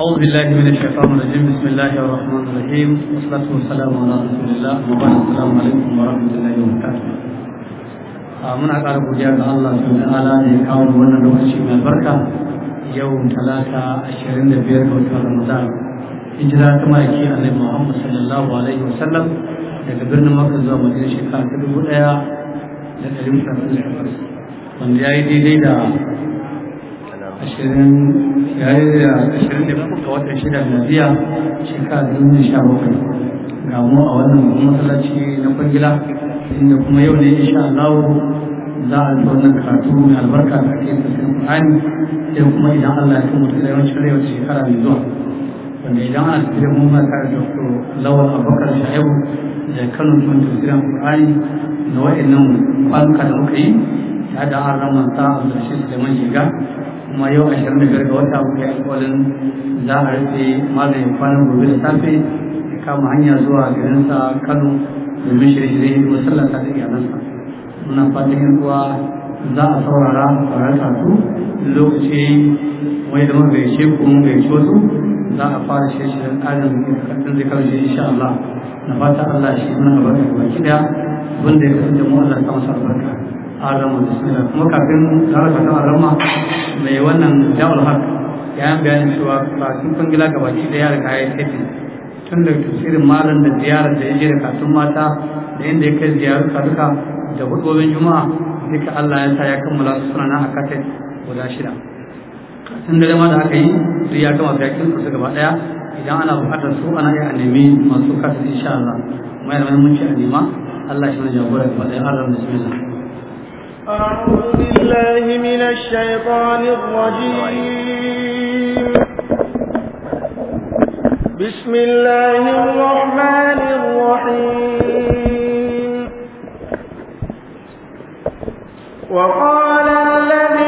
أعوذ بالله من الشيطان الرجيم بسم الله الرحمن الرحيم والصلاة والسلام على رسول الله وبعد السلام عليكم ورحمة الله وبركاته muna ƙara godiya ga Allah subhanahu wa ta'ala da ya kawo wannan lokaci mai barka. yau talata 25 ga watan Ramadan hijira ta maki annabi Muhammad sallallahu alaihi wasallam daga birnin Makka zuwa Madina shekara ta 1400 da 1400 wanda yayi daidai da ashirin yayi da ashirin da bakwai ga watan sha ga mu a wannan masallaci na kwangila inda kuma yau ne insha Allah za a zo wannan karatu mai albarka da ake tafsirin Qur'ani sai kuma idan Allah ya kai mutum da yawancin rai wata shekara mai zuwa wanda idan ana tafsirin mun ma tare da Dr. Lawal Abubakar Shaibu da Kano tun tafsirin Qur'ani da wa'annan kwanuka da muka yi ya da an ramanta a ƙarshe Suleiman Shiga kuma yau ashirin da biyar ga wata muka a alƙawarin za a rufe malamin kwanan gobe da safe ya kama hanya zuwa sa kano da domin shirye-shirye da sallah ta ta iyalansa muna fatan yan uwa za a saurara a karatu lokaci wani da muka shi ko mun gaishe wasu za a fara shirye-shiryen zai karfe zikarci insha Allah na fata Allah shi muna albarka baki daya wanda ya kasance mu Allah ta masa albarka alamu bismillah kuma kafin rarraba ta alama mai wannan da'ul haq ya yi bayanin cewa bakin kwangila ga baki da ya riga ya yi tun da tafsirin malam da ziyarar da ya je da katun mata da inda ya kai ziyarar duka da hudobin juma'a duka Allah ya sa ya kammala su suna a katai guda shida tun da ma da aka yi duk ya gama bakin su gaba daya idan ana bukatar su ana iya nemi masu kaset insha Allah kuma yana muhimmanci a nema Allah shi ne jagora gaba daya Allah ne bismillah أعوذ بالله من الشيطان الرجيم بسم الله الرحمن الرحيم وقال الذي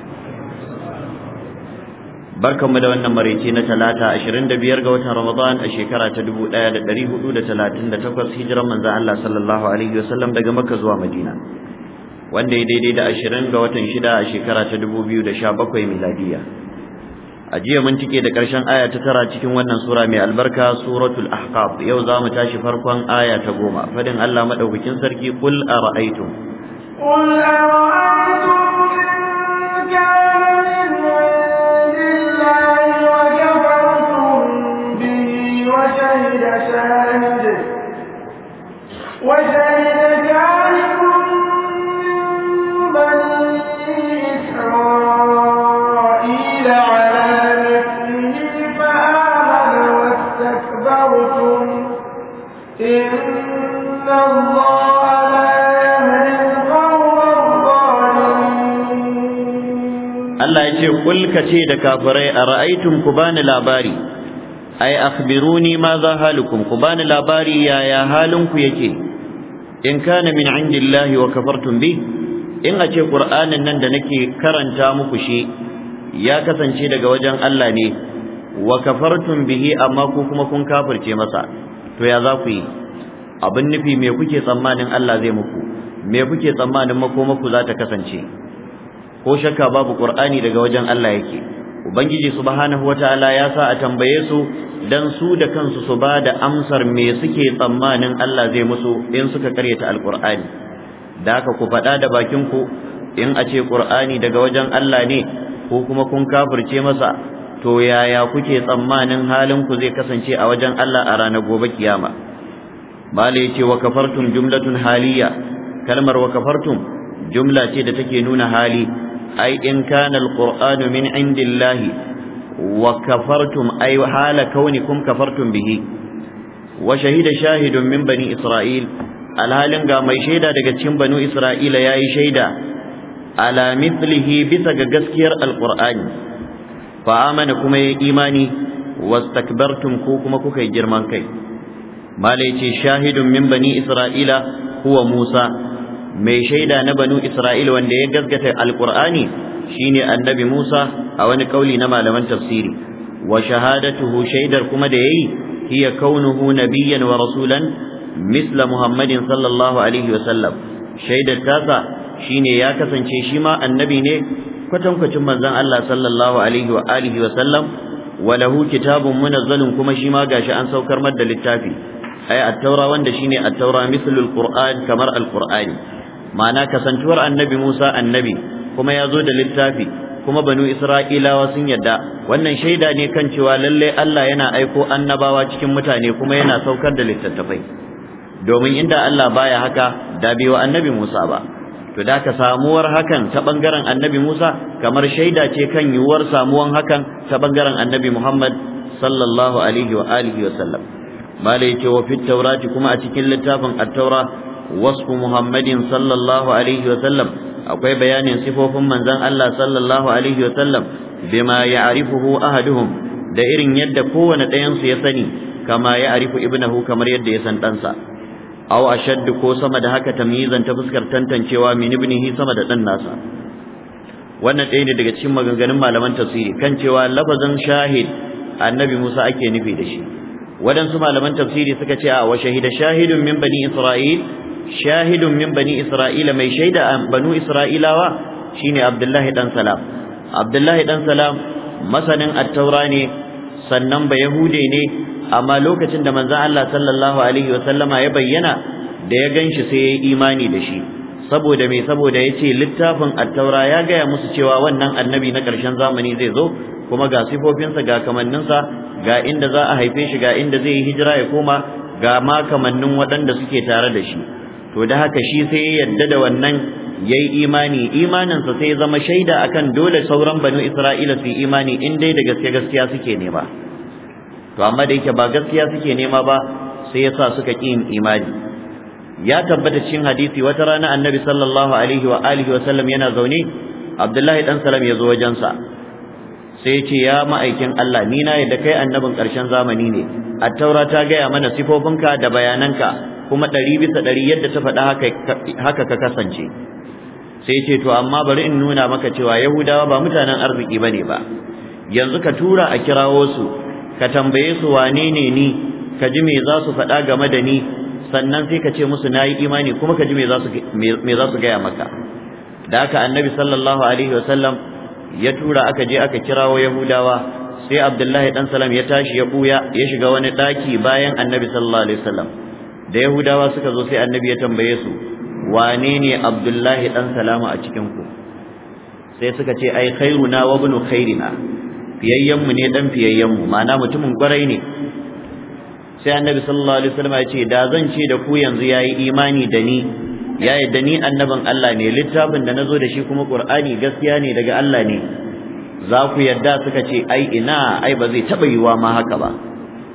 barkanmu da wannan maraice na talata 25 ga watan Ramadan a shekara ta 1438 hijiran manzon Allah sallallahu alaihi wasallam daga Makka zuwa Madina wanda ya daidai da 20 ga watan 6 a shekara ta 2017 miladiya a jiya mun tike da ƙarshen aya ta tara cikin wannan sura mai albarka suratul ahqaf yau za mu tashi farkon aya ta goma fadin Allah madaukakin sarki Kul ara'aytum qul ara'aytum kulka ce da kafirai a ra'aitun ku bani labari ai akhbiruni ma za halukum ku bani labari yaya ku yake in kana min indillahi wa kafartum bi in a ce qur'anin nan da nake karanta muku shi ya kasance daga wajen Allah ne wa kafartum bihi amma ku kuma kun kafirce masa to ya za ku yi abin nufi me kuke tsammanin Allah zai muku me kuke tsammanin makomaku za ta kasance ko shakka babu qur'ani daga wajen Allah yake ubangiji subhanahu wataala ya sa a tambaye su dan su da kansu su ba da amsar me suke tsammanin Allah zai musu in suka karyata alqur'ani da haka ku faɗa da bakin ku in a ce qur'ani daga wajen Allah ne ko kuma kun kafirce masa to yaya kuke tsammanin halin ku zai kasance a wajen Allah a ranar gobe kiyama Bale yace wa kafartum jumlatun haliya kalmar wa kafartum jumla ce da take nuna hali أي إن كان القرآن من عند الله وكفرتم أي حال كونكم bihi. به وشهد شاهد من بني إسرائيل alhalin ga mai shaida daga cikin banu isra'ila ya yi shaida ala mithlihi bisa ga gaskiyar Alkur'ani. fa amana kuma ya imani wastakbartum ko kuma kuka yi girman kai malai ce shahidun min bani isra'ila huwa musa mai shaida na banu isra'ila wanda ya gaskata alkur'ani shine annabi Musa a wani kauli na malaman tafsiri wa shahadatuhu shaidar kuma da yayi hiya kaunuhu nabiyyan wa rasulan misla Muhammadin sallallahu alaihi wa sallam shaidar tasa shine ya kasance shi ma annabi ne kwatankwacin manzon Allah sallallahu alaihi wa alihi wa sallam wa lahu kitabun munazzalun kuma shi ma gashi an saukar mar da littafi ay at-taura wanda shine at-taura mislul qur'an kamar al-qur'ani ma'ana kasantuwar annabi Musa annabi kuma ya zo da littafi kuma banu Isra'ilawa sun yadda wannan shaida ne kan cewa lalle Allah yana aiko annabawa cikin mutane kuma yana saukar da littattafai domin inda Allah baya haka da bai wa annabi Musa ba to da ka samuwar hakan ta bangaren annabi Musa kamar shaida ce kan yiwuwar samuwar hakan ta bangaren annabi Muhammad sallallahu alaihi wa alihi wa sallam malai ce wa fit taurati kuma a cikin littafin at-taura wasfu muhammadin sallallahu akwai bayanin sifofin manzon Allah sallallahu alaihi wa sallam bima ya'rifuhu ahaduhum da irin yadda kowane ɗayan ya sani kama ya'rifu ibnahu kamar yadda ya san ɗansa aw ashadd ko sama da haka tamyizan ta fuskar tantancewa min ibnihi sama da ɗan nasa wannan ɗaya ne daga cikin maganganun malaman tafsiri kan cewa lafazin shahid annabi Musa ake nufi da shi waɗansu malaman tafsiri suka ce a wa shahida shahidun min bani isra'il shahidun min bani isra'ila mai shaida a banu isra'ilawa shine abdullahi dan abdullahi Ɗansala masanin attaura ne sannan ba yahude ne amma lokacin da manzan Allah sallallahu alaihi wasallama ya bayyana da ya ganshi sai ya yi imani da shi saboda mai saboda ya ce littafin attaura ya gaya musu cewa wannan annabi na ƙarshen zamani zai zo kuma ga sifofinsa ga kamanninsa ga inda za a haife shi ga inda zai yi hijira ya koma ga ma kamannin waɗanda suke tare da shi to da haka shi sai ya yadda da wannan yayi imani imaninsa sai zama shaida akan dole sauran banu Isra'ila su yi imani in dai da gaske gaskiya suke nema to amma da yake ba gaskiya suke nema ba sai yasa suka ƙi yin imani ya tabbata cikin hadisi wata rana annabi sallallahu alaihi wa alihi sallam yana zaune Abdullahi dan Salam ya zo wajensa sai ce ya ma'aikin Allah ni na yadda kai annabin ƙarshen zamani ne at-taura ta gaya mana sifofinka da bayananka kuma ɗari bisa ɗari yadda ta faɗa haka ka kasance sai ce to amma bari in nuna maka cewa yahudawa ba mutanen arziki ba ne ba yanzu ka tura a kirawo su ka tambaye su wane ne ni ka ji me za su faɗa game da ni sannan sai ka ce musu na yi imani kuma ka ji me za su gaya maka da haka annabi sallallahu alaihi wasallam ya tura aka je aka kirawo yahudawa sai abdullahi dan salam ya tashi ya buya ya shiga wani ɗaki bayan annabi sallallahu alaihi wasallam da yahudawa suka zo sai annabi ya tambaye su wane ne abdullahi dan salama a cikin ku sai suka ce ai khairuna wa ibnu khairina fiyayyan mu ne dan fiyayyan mu ma'ana mutumin gwarai ne sai annabi sallallahu alaihi wasallam ya ce da zan ce da ku yanzu yayi imani da ni ya yadda ni annabin Allah ne littafin da nazo da shi kuma qur'ani gaskiya ne daga Allah ne za ku yadda suka ce ai ina ai ba zai taba yiwa ma haka ba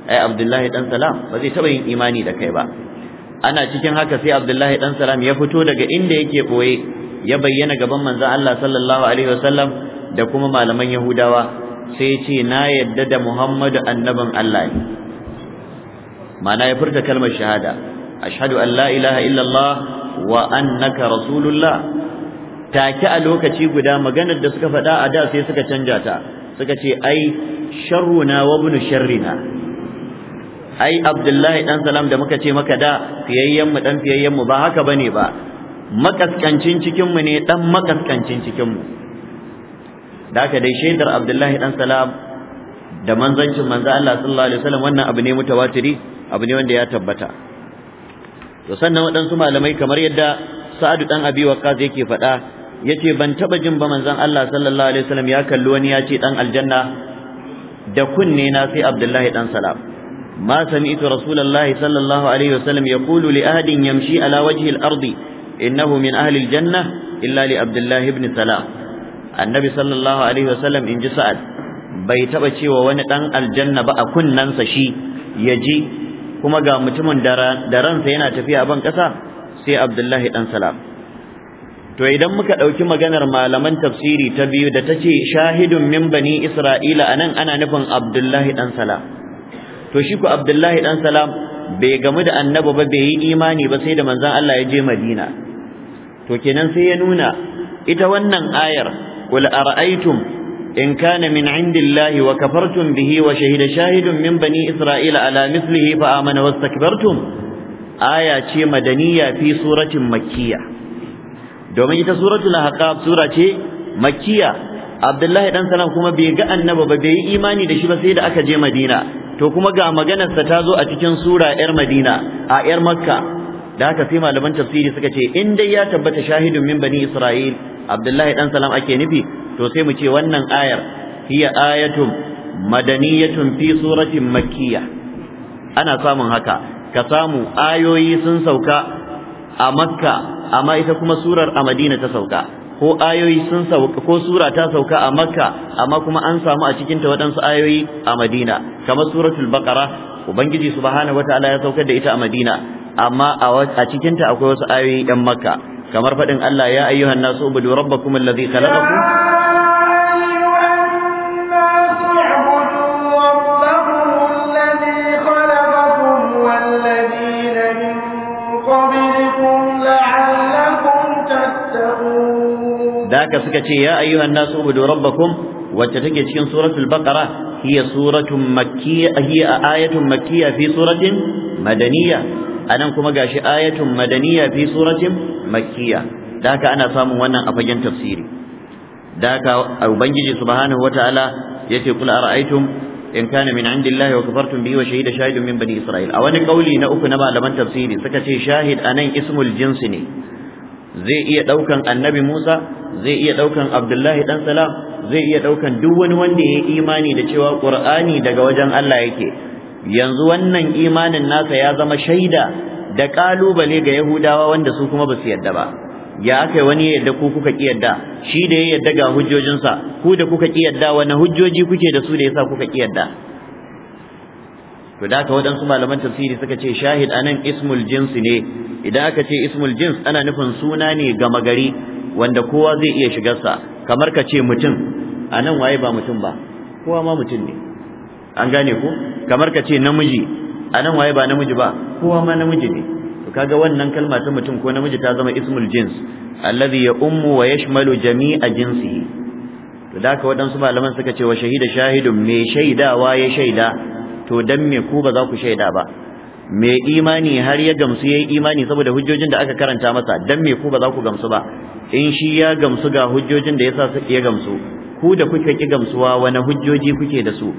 ai abdullahi dan salam ba zai taba yin imani da kai ba ana cikin haka sai abdullahi dan salam ya fito daga inda yake boye ya bayyana gaban manzon Allah sallallahu alaihi wasallam da kuma malaman yahudawa sai ce na yadda da muhammadu annabin Allah ne ma'ana ya furta kalmar shahada ashhadu an la ilaha illallah wa annaka rasulullah take a lokaci guda maganar da suka faɗa a da sai suka canja ta suka ce ai sharruna wa ibnu sharrina ai abdullahi dan salam da muka ce maka da fiyayyen mu dan fiyayyen mu ba haka bane ba makaskancin cikin mu ne dan makaskancin cikin mu da haka dai shaidar abdullahi dan salam da manzancin manzo Allah sallallahu alaihi wasallam wannan abu ne mutawatiri abu ne wanda ya tabbata to sannan waɗansu malamai kamar yadda sa'adu dan abi waqqas yake faɗa yace ban taba jin ba manzon Allah sallallahu alaihi wasallam ya kalli wani ya ce dan aljanna da kunne na sai abdullahi dan salam ما سمعت رسول الله صلى الله عليه وسلم يقول لأحد يمشي على وجه الأرض إنه من أهل الجنة إلا لعبد الله بن سلام النبي صلى الله عليه وسلم إن جسأل bai taɓa cewa wani ɗan aljanna ba a kunnansa shi ya ji kuma ga mutumin da ransa yana tafiya ban kasa sai Abdullahi dan Salam to idan muka ɗauki maganar malaman tafsiri ta biyu da tace shahidun min bani Isra'ila anan ana nufin Abdullahi dan to shi ku abdullahi dan salam bai gamu da annabi ba bai yi imani ba sai da manzon Allah ya je Madina to kenan sai ya nuna ita wannan ayar qul ara'aytum in kana min indillahi wa kafartum bihi wa shahida shahidun min bani isra'ila ala mithlihi fa amana wastakbartum aya ce madaniya fi suratin makkiya domin ita suratul ahqaf sura ce makkiya abdullahi dan salam kuma bai ga annabi ba bai yi imani da shi ba sai da aka je madina to kuma ga maganarsa ta zo a cikin sura 'yar madina a 'yar makka da haka sai malaman tafsiri suka ce in dai ya tabbata shahidun min bani isra'il abdullahi dan salam ake nufi to sai mu ce wannan ayar hiya ayatun madaniyatun fi suratin makkiyah ana samun haka ka samu ayoyi sun sauka a makka amma ita kuma surar a madina ta sauka ko ayoyi sun sauka ko sura ta sauka a makka amma kuma an samu a cikinta ta waɗansu ayoyi a madina kamar suratul baqara ubangiji subhanahu wataala ya saukar da ita a madina amma a cikinta akwai wasu ayoyi ɗan makka kamar faɗin Allah ya ayyuhan nasu ubudu rabbakum allazi khalaqakum haka suka ce ya ayyuhan nasu ubudu rabbakum wacce take cikin suratul baqara hiya suratun makkiyya hiya ayatun makkiyya fi suratin madaniyya anan kuma gashi ayatun madaniyya fi suratin makkiyya da ana samun wannan a fagen tafsiri da ubangiji subhanahu wataala yace kul ara'aytum in kana min indillahi wa kafartum bihi wa shahida shahidun min bani isra'il a wani kauli na uku na malaman tafsiri suka ce shahid anan ismul jinsi ne zai iya daukan annabi Musa zai iya daukan Abdullahi dan Salam zai iya daukan duk wani wanda ya yi imani da cewa Qur'ani daga wajen Allah yake yanzu wannan imanin nasa ya zama shaida da kalubale ga Yahudawa wanda su kuma ba su yadda ba ya aka wani ya yadda ku kuka ki yadda shi da ya yadda ga hujjojinsa ku da kuka ki yadda wani hujjoji kuke da su da yasa kuka ki yadda to da ka waɗansu malaman tafsiri suka ce shahid anan ismul jins ne idan aka ce ismul jins ana nufin suna ne gama gari wanda kowa zai iya shigarsa kamar ka ce mutum anan waye ba mutum ba kowa ma mutum ne an gane ko kamar ka ce namiji anan waye ba namiji ba kowa ma namiji ne to kaga wannan kalma ta mutum ko namiji ta zama ismul jins alladhi ya ummu wa yashmalu jami'a jinsihi to da ka waɗansu malaman suka ce wa shahida shahidun me shaidawa ya shaida to dan me ku ba za ku shaida ba me imani har ya gamsu yayi imani saboda hujjojin da aka karanta masa dan me ku ba za ku gamsu ba in shi ya gamsu ga hujjojin da yasa su ya gamsu ku da kuke ki gamsuwa wani hujjoji kuke da su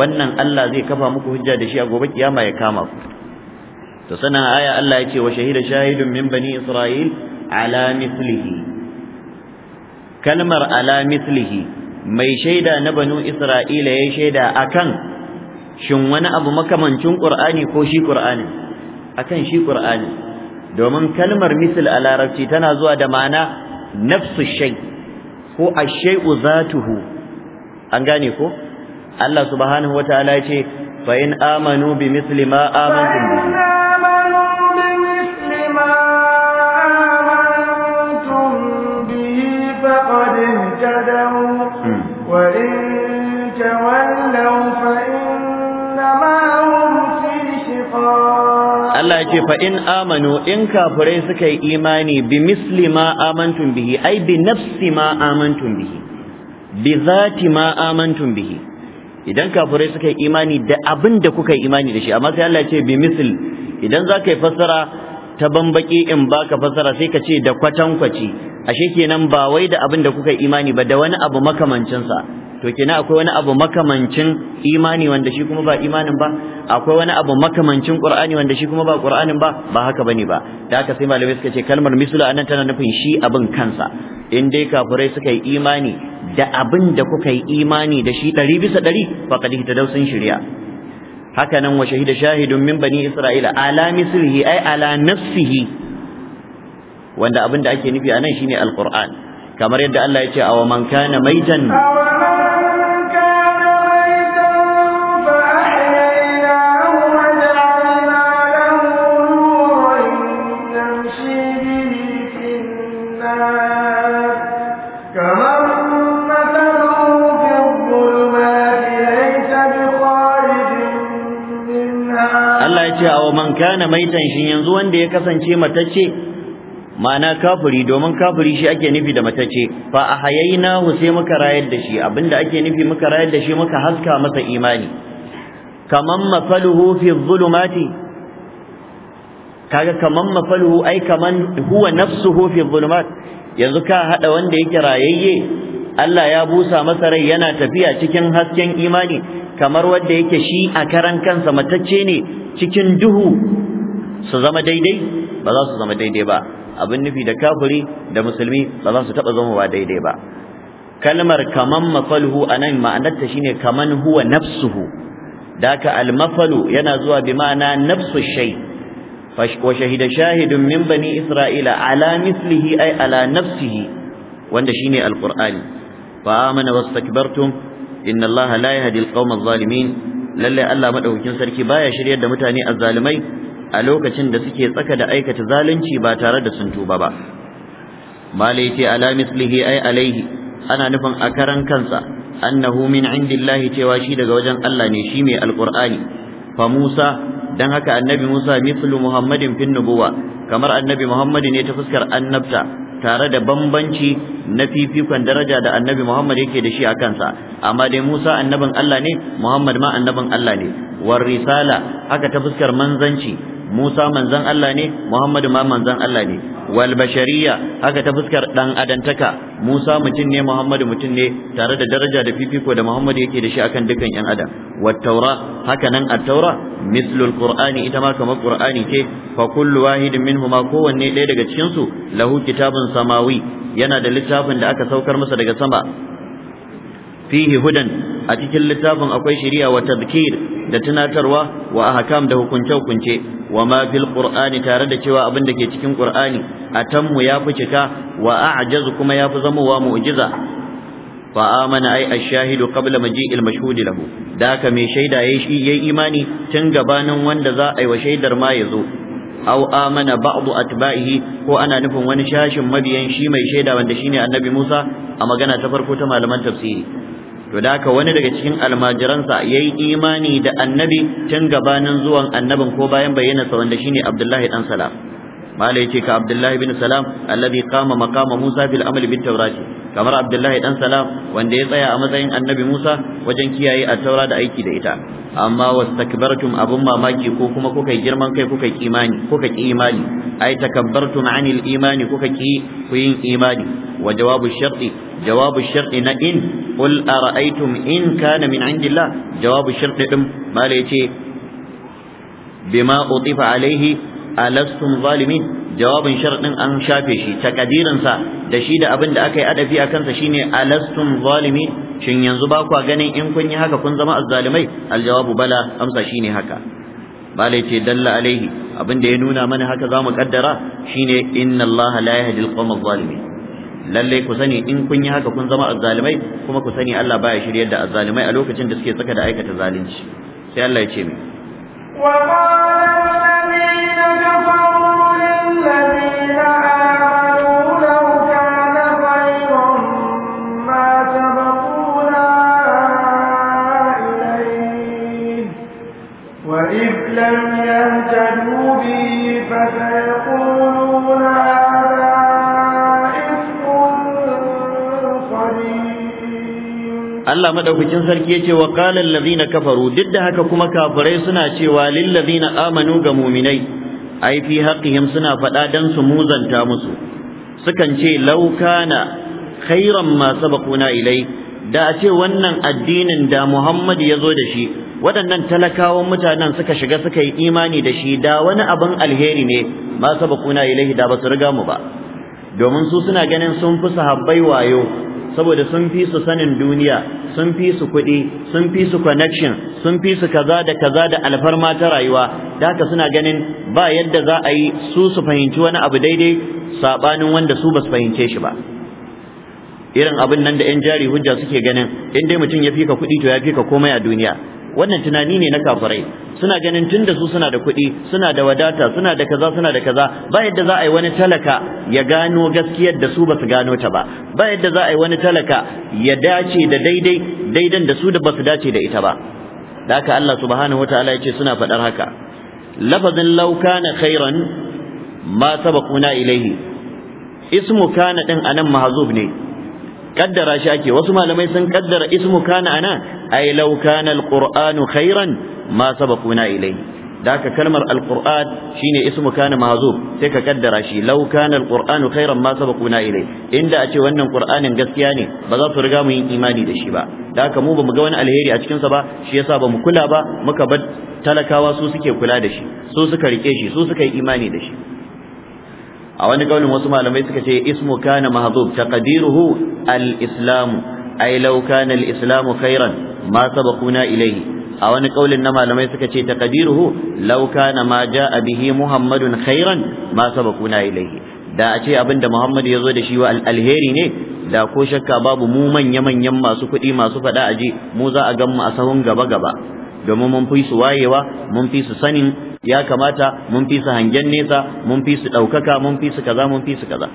wannan Allah zai kafa muku hujja da shi a gobe kiyama ya kama ku to sanan aya Allah ya wa shahida shahidun min bani isra'il ala mithlihi kalmar ala mithlihi mai shaida na banu isra'ila ya shaida akan shin wani abu makamancin ƙur'ani ko shi qur'ani akan shi qur'ani domin kalmar misl a larabci tana zuwa da ma'ana nafsu shai. ko ash-shay'u zatuhu an gane ko Allah subhanahu wa Ta'ala ce fa in amanu bi misli ma amantum bihi فقد اهتدوا Allah ya ce fa in amanu in kafirai suka yi imani bi misli ma amantum bihi ai bi nafsi ma amantum bihi bi zati ma amantum bihi idan kafirai suka yi imani da abin da kuka yi imani da shi amma sai Allah ya ce bi misl idan za ka yi fassara ta bambaki in baka fassara sai ka ce da kwatankwaci ashe kenan ba wai da abin da kuka yi imani ba da wani abu makamancinsa to kina akwai wani abu makamancin imani wanda shi kuma ba imanin ba akwai wani abu makamancin qur'ani wanda shi kuma ba qur'anin ba ba haka bane ba da haka sai malamai suka ce kalmar mislu anan tana nufin shi abin kansa in dai kafirai suka yi imani da abin da kuka yi imani da shi ɗari bisa ɗari faqad ihtadaw sun shirya haka nan wa shahida shahidun min bani isra'ila ala mislihi ay ala nafsihi wanda abin da ake nufi anan shine alquran kamar yadda Allah ya ce wa man kana maitan man kana maitan shi yanzu wanda ya kasance matacce mana kafiri domin kafiri shi ake nufi da matacce fa a ahyaynahu sai muka rayar da shi abinda ake nufi muka rayar da shi muka haska masa imani kaman mafaluhu fi dhulumati kaga kaman mafaluhu ai kaman huwa nafsuhu fi dhulumat yanzu ka hada wanda yake rayayye Allah ya busa masa rai yana tafiya cikin hasken imani kamar wanda yake shi a karan kansa matacce ne cikin duhu su zama daidai ba za su zama daidai ba abin nufi da kafiri da musulmi ba za su taba zama ba daidai ba kalmar kaman mafalhu anan ma'anarta shine kaman huwa nafsuhu daka almafalu yana zuwa bi ma'ana nafsu shay wa shahida shahidun min bani isra'ila ala mislihi ay ala nafsihi wanda shine alqur'ani fa amana wastakbartum inna allaha la yahdi alqawma adh-dhalimin lalle Allah madaukakin sarki baya shiryar da mutane azzalimai a lokacin da suke tsaka da aikata zalunci ba tare da sun tuba ba malai ala mislihi ay alaihi ana nufin a karan kansa annahu min indillahi cewa shi daga wajen Allah ne shi mai alqur'ani fa Musa dan haka annabi Musa mithlu Muhammadin fin nubuwa kamar annabi Muhammad ne ta fuskar annabta tare da bambanci na fifikon daraja da annabi Muhammad yake da shi a kansa amma dai Musa annabin Allah ne Muhammad ma annabin Allah ne war risala haka ta fuskar manzanci Musa manzan Allah ne Muhammadu ma manzon Allah ne wal bashariyya haka ta fuskar ɗan adantaka Musa mutum ne Muhammadu mutum ne tare da daraja da fifiko da Muhammadu yake da shi akan dukkan yan adam wat taura haka nan a taura mislul qur'ani ita ma kamar qur'ani ce fa kullu wahidin kowanne ɗaya daga cikin su lahu kitabun samawi yana da littafin da aka saukar masa daga sama fihi hudan a cikin littafin akwai shari'a wa tadhkir da tunatarwa wa ahkam da hukunce hukunce wa ma fil qur'ani tare da cewa abin da ke cikin qur'ani atammu ya fi cika wa a'jazu kuma ya fi wa mu'jiza fa amana ai ash-shahidu qabla maji'il mashhud lahu da haka mai shaida yayi shi yayi imani tun gabanin wanda za a yi wa shaidar ma ya zo aw amana ba'du atba'ihi ko ana nufin wani shashin mabiyan shi mai shaida wanda shine annabi Musa a magana ta farko ta malaman tafsiri to da haka wani daga cikin almajiransa ya yi imani da annabi tun gabanin zuwan annabin ko bayan bayyanarsa wanda shine abdullahi dan salam malai ce ka abdullahi bin salam alladhi qama maqama musa fil amali bit tawrati kamar abdullahi dan salam wanda ya tsaya a matsayin annabi musa wajen kiyaye a taura da aiki da ita amma wastakbartum abun mamaki ko kuma kuka girman kai kuka imani kuka ki imani ai takabbartum anil imani kuka ki ku yin imani wa jawabu sharti جواب الشرط إن قل أرأيتم إن كان من عند الله جواب الشرط دم ما ليتي بما أطف عليه ألستم ظالمين جواب شرط أن شافيشي تقديرا سا دشيد أبن دأكي أدى في أكنس شيني ألستم ظالمين شن ينزباكوا غني إن كن هكا كن زماء الظالمي الجواب بلا أمسا شيني هكا bale ce dalla alaihi abinda ya nuna mana haka zamu kaddara shine inna allaha la yahdi alqawma adh-dhalimin lalle ku sani in kun yi haka kun zama azzalimai kuma ku sani Allah baya shiryar da azzalimai a lokacin da suke saka da aikata zalunci sai Allah ya ce mi wa Allah madaukakin sarki yace wa qala allazina kafaru duk da haka kuma kafirai suna cewa lil ladzina amanu ga mu'minai ai fi haqqihim suna faɗa dan su muzanta musu sukan ce law kana khairan ma sabaquna ilai da a ce wannan addinin da Muhammad ya zo da shi waɗannan talakawan mutanen suka shiga suka yi imani da shi da wani abin alheri ne ma sabaquna ilai da ba su riga mu ba domin su suna ganin sun fi sahabbai wayo saboda sun fi su sanin duniya sun fi su kuɗi sun fi su connection sun fi su kaza da kaza da alfarma ta rayuwa da haka suna ganin ba yadda za a yi su su fahimci wani abu daidai saɓanin wanda su ba su fahimce shi ba irin abin nan da 'yan jari hujja suke ganin in dai mutum ya fika kuɗi to ya fika komai a duniya wannan tunani ne na kafirai suna ganin tunda su suna da kuɗi suna da wadata suna da kaza suna da kaza ba yadda za a yi wani talaka ya gano gaskiyar da su basu gano ta ba ba yadda za a yi wani talaka ya dace da daidai daidan da su da basu dace da ita ba da haka Allah subhanahu wataala yace suna faɗar haka lafazin law kana khairan ma sabaquna ilaihi ismu kana din anan mahzub ne kaddara shi ake wasu malamai sun kaddara ismu kana ana ai law kana alqur'anu khairan ma sabaquna ilayhi da ka kalmar alqur'an shine ismu kana mahzuf sai ka kaddara shi law kana alqur'anu khairan ma sabaquna ilay inda a ce wannan qur'anin gaskiya ne ba za su riga mu yin imani da shi ba da ka mu bamu ga wani alheri a cikin sa ba shi yasa bamu kula ba muka bar talakawa su suke kula da shi su suka rike shi su suka yi imani da shi a wani kaulin wasu malamai suka ce ismu kana mahdhub taqdiruhu al-islam ay law kana al-islam khairan ma sabaquna ilayhi a wani kaulin na malamai suka ce taqdiruhu law kana ma jaa bihi muhammadun khairan ma sabaquna ilayhi da a ce abinda muhammad ya zo da shi wa alheri ne da ko shakka babu mu manya manyan masu kuɗi masu faɗa aji mu za a gan mu a sahun gaba gaba domin mun fi su wayewa mun fi su sanin ya kamata mun fi su hangen nesa mun fi su ɗaukaka mun fi su kaza mun fi su kaza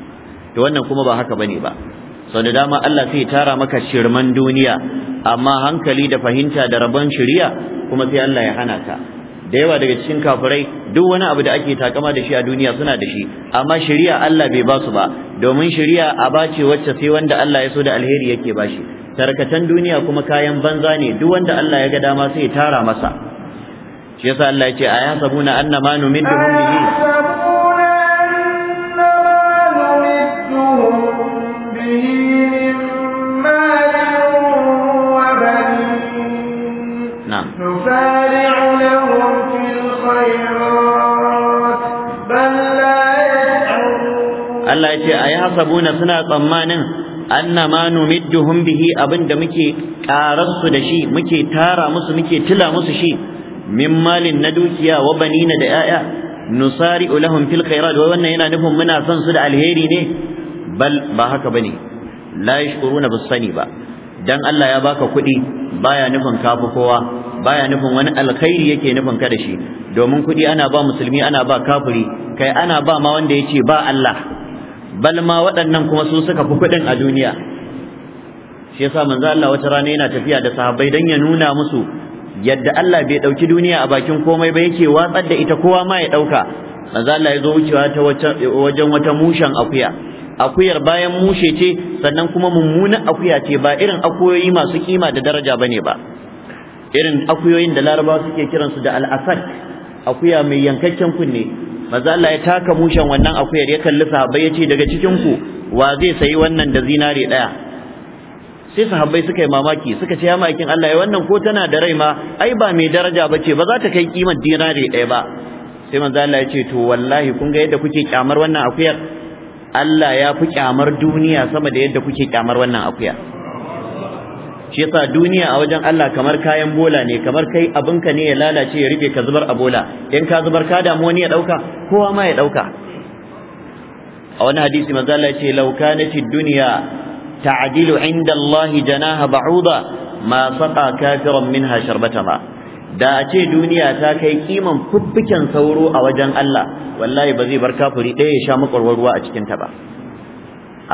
to wannan kuma ba haka bane ba sau da dama Allah sai tara maka shirman duniya amma hankali da fahimta da rabon shiriya kuma sai Allah ya hana ka da yawa daga cikin kafirai duk wani abu da ake takama da shi a duniya suna da shi amma shiriya Allah bai basu ba domin shiriya a bace wacce sai wanda Allah ya so da alheri yake bashi tarkatan duniya kuma kayan banza ne duk wanda Allah ya ga dama sai ya tara masa shi yasa Allah yake aya sabuna annama numidduhum bihi Allah ya ce a yi hasabuna suna tsammanin anna ma numidduhum bihi abinda muke ƙararsu da shi muke tara musu muke tila musu shi min malin na dukiya wa banina da yaya nusari ulahum fil khairat wai wannan yana nufin muna son su da alheri ne bal ba haka bane la yashkuruna bis sani ba dan Allah ya baka kuɗi baya nufin kafi kowa baya nufin wani alkhairi yake nufin ka da shi domin kuɗi ana ba musulmi ana ba kafiri kai ana ba ma wanda yace ba Allah bal ma waɗannan kuma su suka fi kuɗin a duniya shi yasa manzo Allah wata rana yana tafiya da sahabbai dan ya nuna musu yadda Allah bai dauki duniya a bakin komai ba yake watsar da ita kowa ma ya dauka manzo Allah ya wucewa ta wajen wata mushan akuya akuyar bayan mushe ce sannan kuma mummunan akuya ce ba irin akuyoyi masu kima da daraja bane ba irin akuyoyin da larabawa suke kiransu da al-asad akuya mai yankakken kunne maza Allah ya taka mushan wannan akuyar ya kalli bai ya ce daga cikin ku wa zai sayi wannan da zinare daya sai sahabbai suka yi mamaki suka ce ya ma'aikin Allah ya wannan ko tana da rai ma ai ba mai daraja ba ce ba za ta kai kimar dinari ɗaya ba sai manzo Allah ya ce to wallahi kun ga yadda kuke kyamar wannan akuyar Allah ya fi kyamar duniya sama da yadda kuke kyamar wannan akuya shi yasa duniya a wajen Allah kamar kayan bola ne kamar kai abin ka ne ya lalace ya rufe ka zubar a bola in ka zubar ka damu wani ya dauka kowa ma ya dauka a wani hadisi manzo Allah ya ce kana kanatid duniya. تعدل عند الله جناها بعوضة ما سقى كافرا منها شربة ما da a ce duniya ta kai kiman fuffuken sauro a wajen Allah wallahi ba zai bar kafiri ɗaya ya sha makwarwar ruwa a cikin ta ba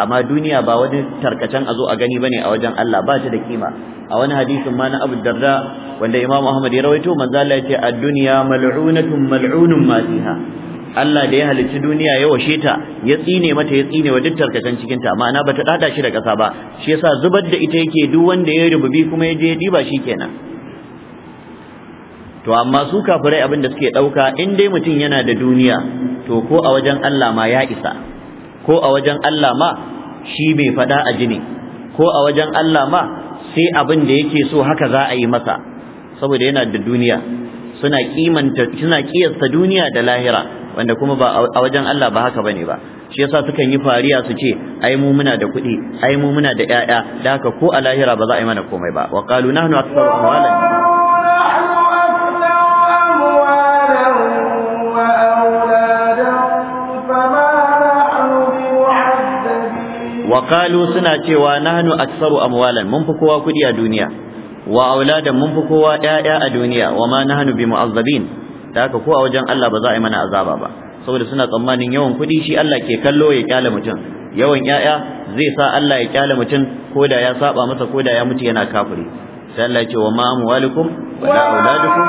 amma duniya ba wani tarkacen azo a gani bane a wajen Allah ba ta da ƙima a wani hadisin mana na Abu Darda wanda Imam Ahmad ya rawaito manzo Allah ya ce ad-dunya mal'unatun mal'unun ma fiha Allah da ya halicci duniya ya washe ta ya tsine mata ya tsine wa duk tarkacen cikin ta ma'ana bata dada shi da kasa ba shi yasa zubar da ita yake duk wanda ya rububi kuma ya je ya diba kenan. to amma su kafirai abin da suke dauka in dai mutum yana da duniya to ko a wajen Allah ma ya isa ko a wajen Allah ma shi bai fada a jini ko a wajen Allah ma sai abin da yake so haka za a yi masa saboda yana da duniya suna kimanta suna kiyasta duniya da lahira wanda kuma ba a wajen Allah ba haka bane ba shi yasa sukan yi fariya su ce ai mu muna da kuɗi ai mu muna da ƴaƴa da haka ko a lahira ba za a yi mana komai ba wa qalu nahnu aktharu amwalan wa qalu suna cewa nahnu aktharu amwalan mun fi kowa kudi a duniya wa auladan mun fi kowa ɗaya a duniya wa ma hannu bi mu'azzabin da haka ko a wajen Allah ba za a yi mana azaba ba saboda suna tsammanin yawan kuɗi shi Allah ke kallo ya kyale mutum yawan ƴaƴa zai sa Allah ya kyale mutum ko da ya saba masa ko da ya mutu yana kafiri sai Allah ya ce wa ma amwalukum wa la auladukum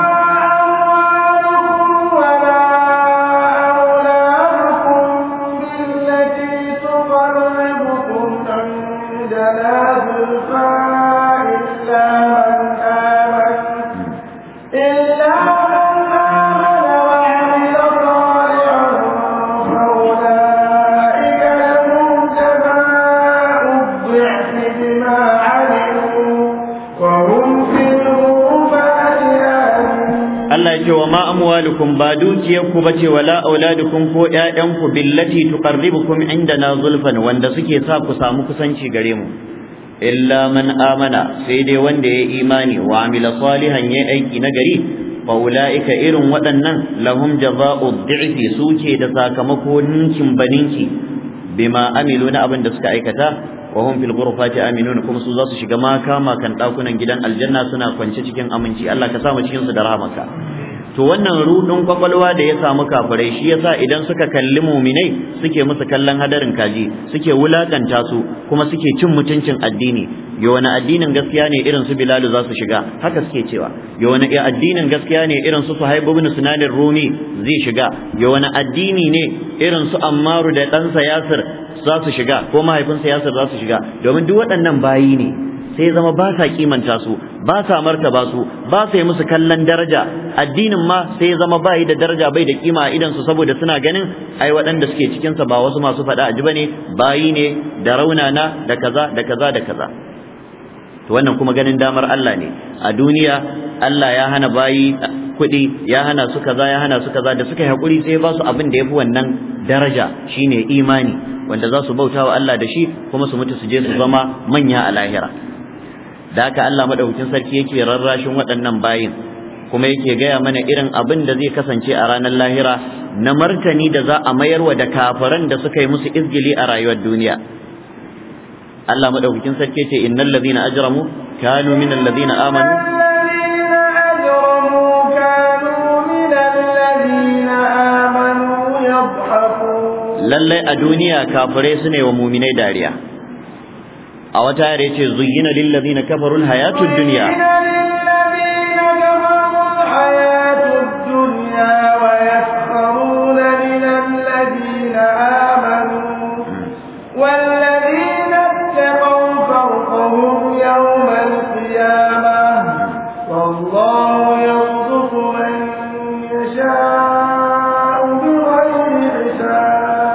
amwalukum ba dukiyarku bace wala auladukum ko ƴaƴanku billati tuqarribukum indana zulfan wanda suke sa ku samu kusanci gare mu illa man amana sai dai wanda ya imani wa amila salihan yayi aiki na gari fa ulaika irin waɗannan lahum jazaa'u dhi'fi suke da sakamako ninkin baninki bima amilu na abin da suka aikata وهم في su shiga كم سوزاس شجما كما كان تاكونا جدا الجنة سنا كونش شكين أمنشي الله كسامة شكين da مكا to wannan ruɗin kwakwalwa da ya samu kafirai shi yasa idan suka kalli muminai suke musu kallon hadarin kaji suke wulakanta su kuma suke cin mutuncin addini yo wani addinin gaskiya ne irin su Bilal za su shiga haka suke cewa yo wani addinin gaskiya ne irin su Suhaib ibn Sinan rumi zai shiga yo wani addini ne irin su Ammaru da ɗansa Yasir za su shiga ko mahaifinsa Yasir za su shiga domin duk waɗannan bayi ne sai zama ba sa kimanta su ba sa martaba su ba sa yi musu kallon daraja addinin ma sai zama ba yi da daraja bai da kima a idan su saboda suna ganin ai waɗanda suke cikin sa ba wasu masu faɗa aji bane bayi ne da raunana da kaza da kaza da kaza to wannan kuma ganin damar Allah ne a duniya Allah ya hana bayi kuɗi ya hana su kaza ya hana su kaza da suka yi hakuri sai ba su abin da yafi wannan daraja shine imani wanda za su bauta wa Allah da shi kuma su mutu su je su zama manya a lahira da haka Allah madaukakin sarki yake rarrashin waɗannan bayin kuma yake gaya mana irin abin da zai kasance a ranar lahira na martani da za a mayarwa da kafiran da suka yi musu izgili a rayuwar duniya Allah madaukakin sarki ce innal ladina ajramu kanu minal ladina amanu lallai a duniya kafirai su ne wa muminai dariya a wata yare ce zuyyina lillazina kafaru alhayatud dunya hmm.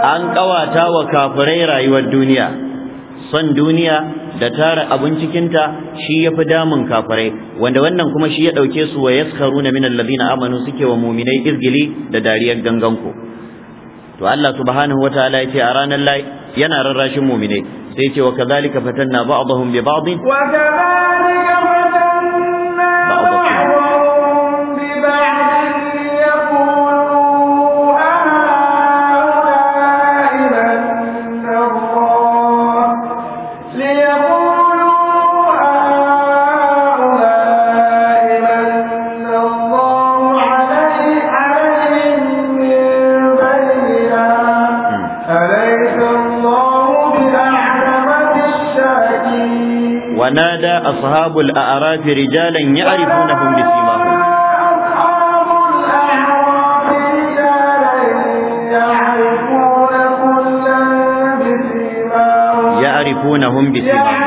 an kawata wa kafirai rayuwar duniya son duniya da tara abun cikinta shi ya fi damun kafirai wanda wannan kuma shi ya ɗauke su wa 'yaskaru' na minan lazina amanu suke wa muminai izgili da dariyar ganganku to Allah subhanahu wa ta'ala yace a ranar lai yana rarrashin muminai sai yace wa kadhalika fatanna ba'dahum bi ba'd wa kadhalika fatanna ba'dahum فنادى أصحاب الأعراف رجالا يعرفونهم بسيماهم يعرفونهم بسيماهم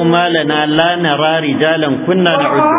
قالوا ما لنا لا نرى رجالا كنا نعدهم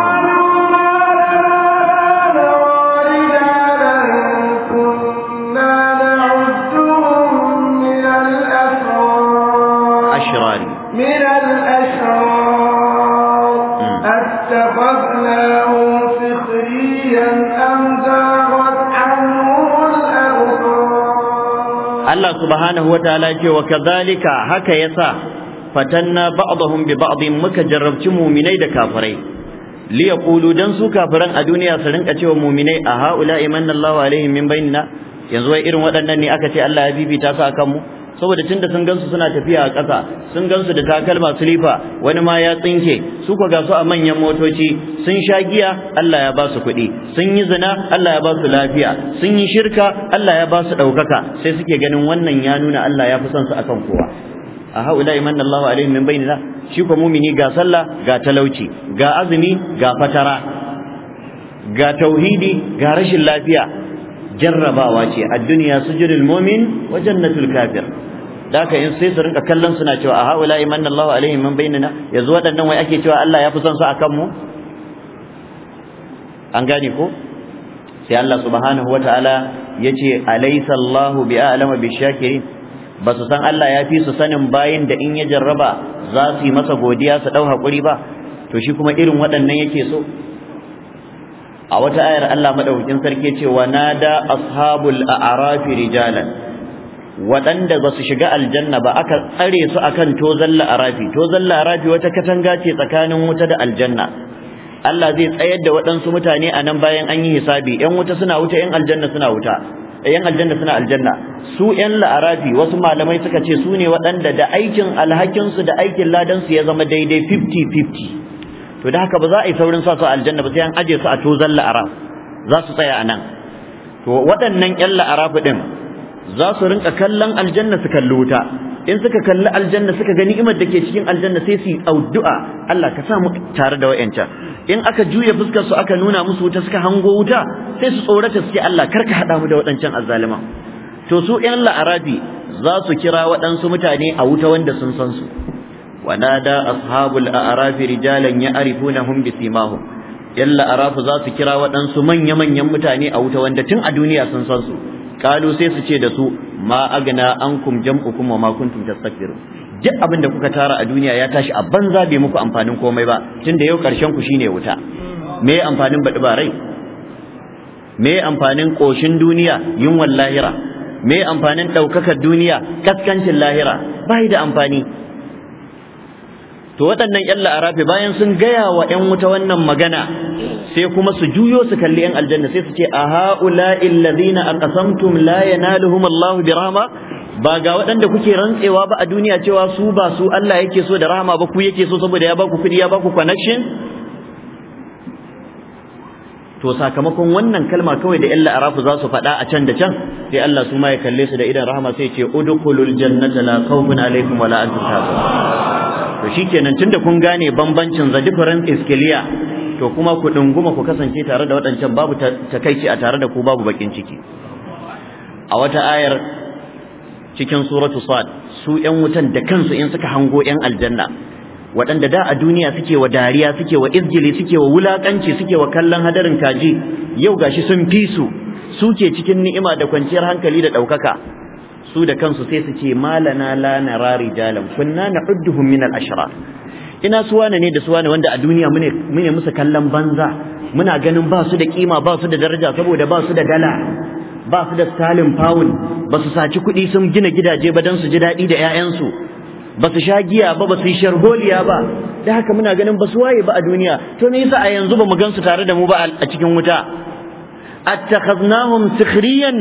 Allah subhanahu wa ta'ala ce wa kadhalika haka yasa fatanna ba'dahum bi ba'din muka jarrabci mu'minai da kafirai li yaqulu dan su kafiran a duniya su rinka cewa mu'minai a haula imanna Allahu alaihim min bainina yanzu wai irin waɗannan ne aka ce Allah ya bibita su akan mu saboda tunda sun gansu suna tafiya a ƙasa sun gansu da takalma silifa wani ma ya tsinke su ko ga su a manyan motoci sun sha giya Allah ya ba su kuɗi sun yi zina Allah ya ba su lafiya sun yi shirka Allah ya ba su ɗaukaka sai suke ganin wannan ya nuna Allah ya fi son su akan kowa a haula imanna Allahu alaihim min bainina shi ko mumini ga sallah ga talauci ga azumi ga fatara ga tauhidi ga rashin lafiya jarrabawa ce a duniya su jirin mu'min wajen na kafir da haka in sai su rinka kallon suna cewa a haula imanna Allahu alaihim min bainina yanzu waɗannan wai ake cewa Allah ya fi son su a kanmu. an gane ko sai Allah subhanahu wa ta'ala ya ce wataala yace alaysa Allahu bi'alama bishakirin ba su san Allah ya fi su sanin bayin da in ya jarraba za su yi masa godiya su ɗau haƙuri ba to shi kuma irin waɗannan yake so a wata ayar Allah maɗaukakin sarki ce wa nada ashabul a'rafi rijalan waɗanda ba su shiga aljanna ba aka tsare su akan tozan la'arafi tozan la'arafi wata katanga ce tsakanin wuta da aljanna Allah zai tsayar da waɗansu mutane a nan bayan an yi hisabi ‘yan wuta suna wuta ‘yan aljanna suna wuta yan aljanna suna aljanna su yan la'arafi wasu malamai suka ce su ne waɗanda da aikin alhakinsu da aikin ladansu ya zama daidai 50-50 to da haka ba za a yi saurin sa su aljanna ba sai an aje su a tozan la'araf za su tsaya a nan to waɗannan yan la'arafi ɗin za su rinka kallon aljanna su kalli wuta in suka kalli aljanna suka gani imar da ke cikin aljanna sai su addu'a Allah ka sa tare da wayancan in aka juya fuskar su aka nuna musu wuta suka hango wuta sai su tsorata suke Allah kar ka hada mu da wadancan azzalima to su yan la'arabi za su kira waɗansu mutane a wuta wanda sun san su su kira kira manya manyan mutane a wuta wanda tun a duniya sun san su kalu sai su ce da su. ma an ankum jam'ukum wa ma kuntum tastakbirun duk abin da kuka tara a duniya ya tashi a banza bai muku amfanin komai ba tunda yau karshen ku shine wuta me amfanin baɗi ba me amfanin ƙoshin duniya yunwan lahira me amfanin ɗaukakar duniya kaskancin lahira bai da amfani to waɗannan yan la'arafe bayan sun gaya wa yan wuta wannan magana sai kuma su juyo su kalli yan aljanna sai su ce a ha'ula'i allazina aqsamtum la yanaluhum Allah bi rahma ba ga waɗanda kuke rantsewa ba a duniya cewa su ba su Allah yake so da rahama ba ku yake so saboda ya baku kuɗi ya baku connection to sakamakon wannan kalma kawai da illa la'arafi za su faɗa a can da can sai Allah su ma ya kalle su da idan rahama sai ce udkhulul jannata la khawfun alaikum wala antum tahzanun to shikenan tunda kun gane bambancin the difference is clear to kuma ku dunguma ku kasance tare da waɗancan babu takaici a tare da ku babu bakin ciki a wata ayar cikin suratu sad su 'yan wutan da kansu in suka hango 'yan aljanna waɗanda da a duniya suke wa dariya suke wa izgili suke wa wulakanci suke wa kallon hadarin kaji yau gashi sun fi su suke cikin ni'ima da kwanciyar hankali da ɗaukaka su da kansu sai su ce malana la nara rijalan kunna na'udduhum min al ina su wane ne da su wanda a duniya mune mune musu kallon banza muna ganin ba su da kima ba su da daraja saboda ba su da dala ba su da salin pound ba su saci kuɗi sun gina gidaje ba don su ji daɗi da 'ya'yansu ba su sha giya ba ba su yi shargoliya ba da haka muna ganin ba su waye ba a duniya to me yasa a yanzu ba mu gan su tare da mu ba a cikin wuta attakhadnahum sikhriyan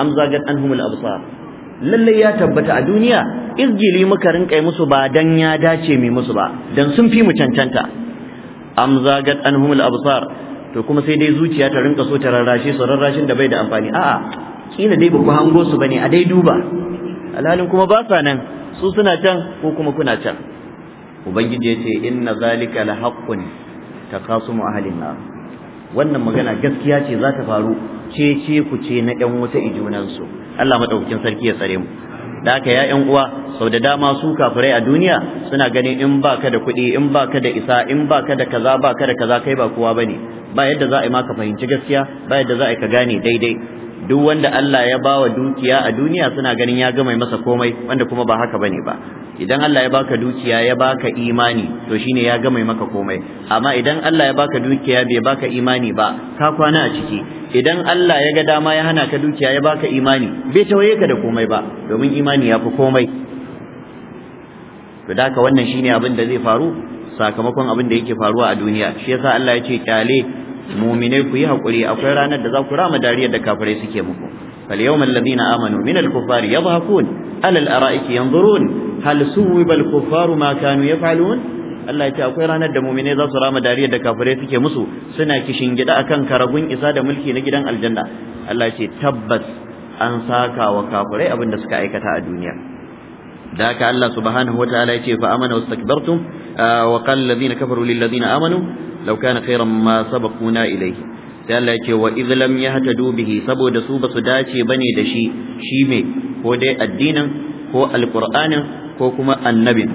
am zagat anhum al-absar lallai ya tabbata a duniya izgili muka rinkai musu ba dan ya dace mai musu ba dan sun fi mu cancanta am zagat anhumul absar to kuma sai dai zuciya ta rinka so ta rarrashe so rarrashin da bai da amfani a'a kina dai ba ku hango su bane a dai duba alhalin kuma ba sa nan su suna can ko kuma kuna can ubangiji ya ce inna zalika lahaqqun takasumu ahlin nar wannan magana gaskiya ce za ta faru ce ce ku ce na ɗan wuta ijunansu Allah maɗaukakin sarki ya tsare mu da haka ya ƴan uwa sau da dama su kafirai a duniya suna ganin in baka da kuɗi in baka da isa in baka da kaza baka da kaza kai ba kowa bane ba yadda za a yi maka fahimci gaskiya ba yadda za a yi ka gane daidai duk wanda Allah ya bawa dukiya a duniya suna ganin ya gama masa komai wanda kuma ba haka bane ba idan Allah ya baka dukiya ya baka imani to shine ya gama maka komai amma idan Allah ya baka dukiya bai baka imani ba ka kwana a ciki idan Allah ya ga dama ya hana ka dukiya ya baka imani bai tawaye ka da komai ba domin imani ya fi komai to haka wannan shine abin da zai faru sakamakon abin da yake faruwa a duniya shi yasa Allah ya ce kyale mu'minai ku yi hakuri akwai ranar da za ku rama dariyar da kafirai suke muku fal yawmal ladina amanu min al kuffari yadhakun ala al ara'iki yanzurun hal suwiba al kuffaru ma kanu yaf'alun Allah ya ce akwai ranar da mumine za su rama dariyar da kafirai suke musu suna kishin gida akan karagun isa da mulki na gidan aljanna Allah ya ce tabbas an saka wa kafirai abin da suka aikata a duniya da haka Allah subhanahu wataala ya ce fa amana wastakbartum ah, wa qala alladhina kafaru lil ladina amanu Lauka na khairan ma sabaquna ilayhi sai Allah ya ce wa idh lam yahtadu bihi saboda su basu dace bane da shi shi me ko dai addinin ko alqur'anin ko kuma annabin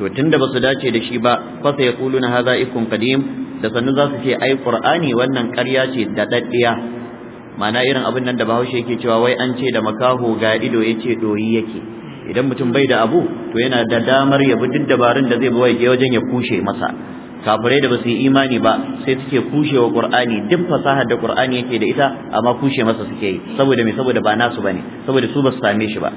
to tunda basu dace da shi ba ya kulu na hadha ikon qadim da sannu za su ce ai qur'ani wannan ƙarya ce da daddiya Mana irin abin nan da bahaushe yake cewa wai an ce da makaho ga ido ya ce ɗoyi yake idan mutum bai da abu to yana da damar ya bi duk dabarun da zai bi waje wajen ya kushe masa kafirai da ba su yi imani ba sai suke kushewa qur'ani duk fasahar da qur'ani yake da ita amma kushe masa suke yi saboda me saboda ba nasu bane saboda su ba su same shi ba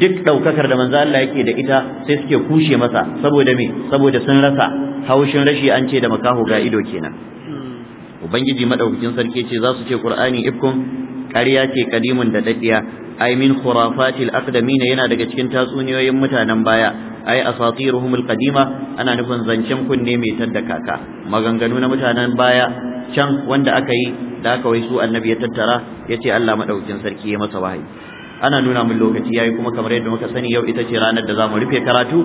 duk daukakar da manzo Allah yake da ita sai suke kushe masa saboda me saboda sun rasa haushin rashi an ce da makaho ga ido kenan hmm. ubangiji madaukakin sarki ce za su ce qur'ani ifkun ƙarya ce kadimun da daddiya Ai min khurafatil aqdamin yana daga cikin tatsuniyoyin mutanen baya ai asatiruhum alqadima ana nufin zancen kunne mai tadda kaka maganganu na mutanen baya can wanda aka yi da aka wai su annabi ya tattara ya ce Allah madaukin sarki ya masa wahayi ana nuna min lokaci yayi kuma kamar yadda muka sani yau ita ce ranar da zamu rufe karatu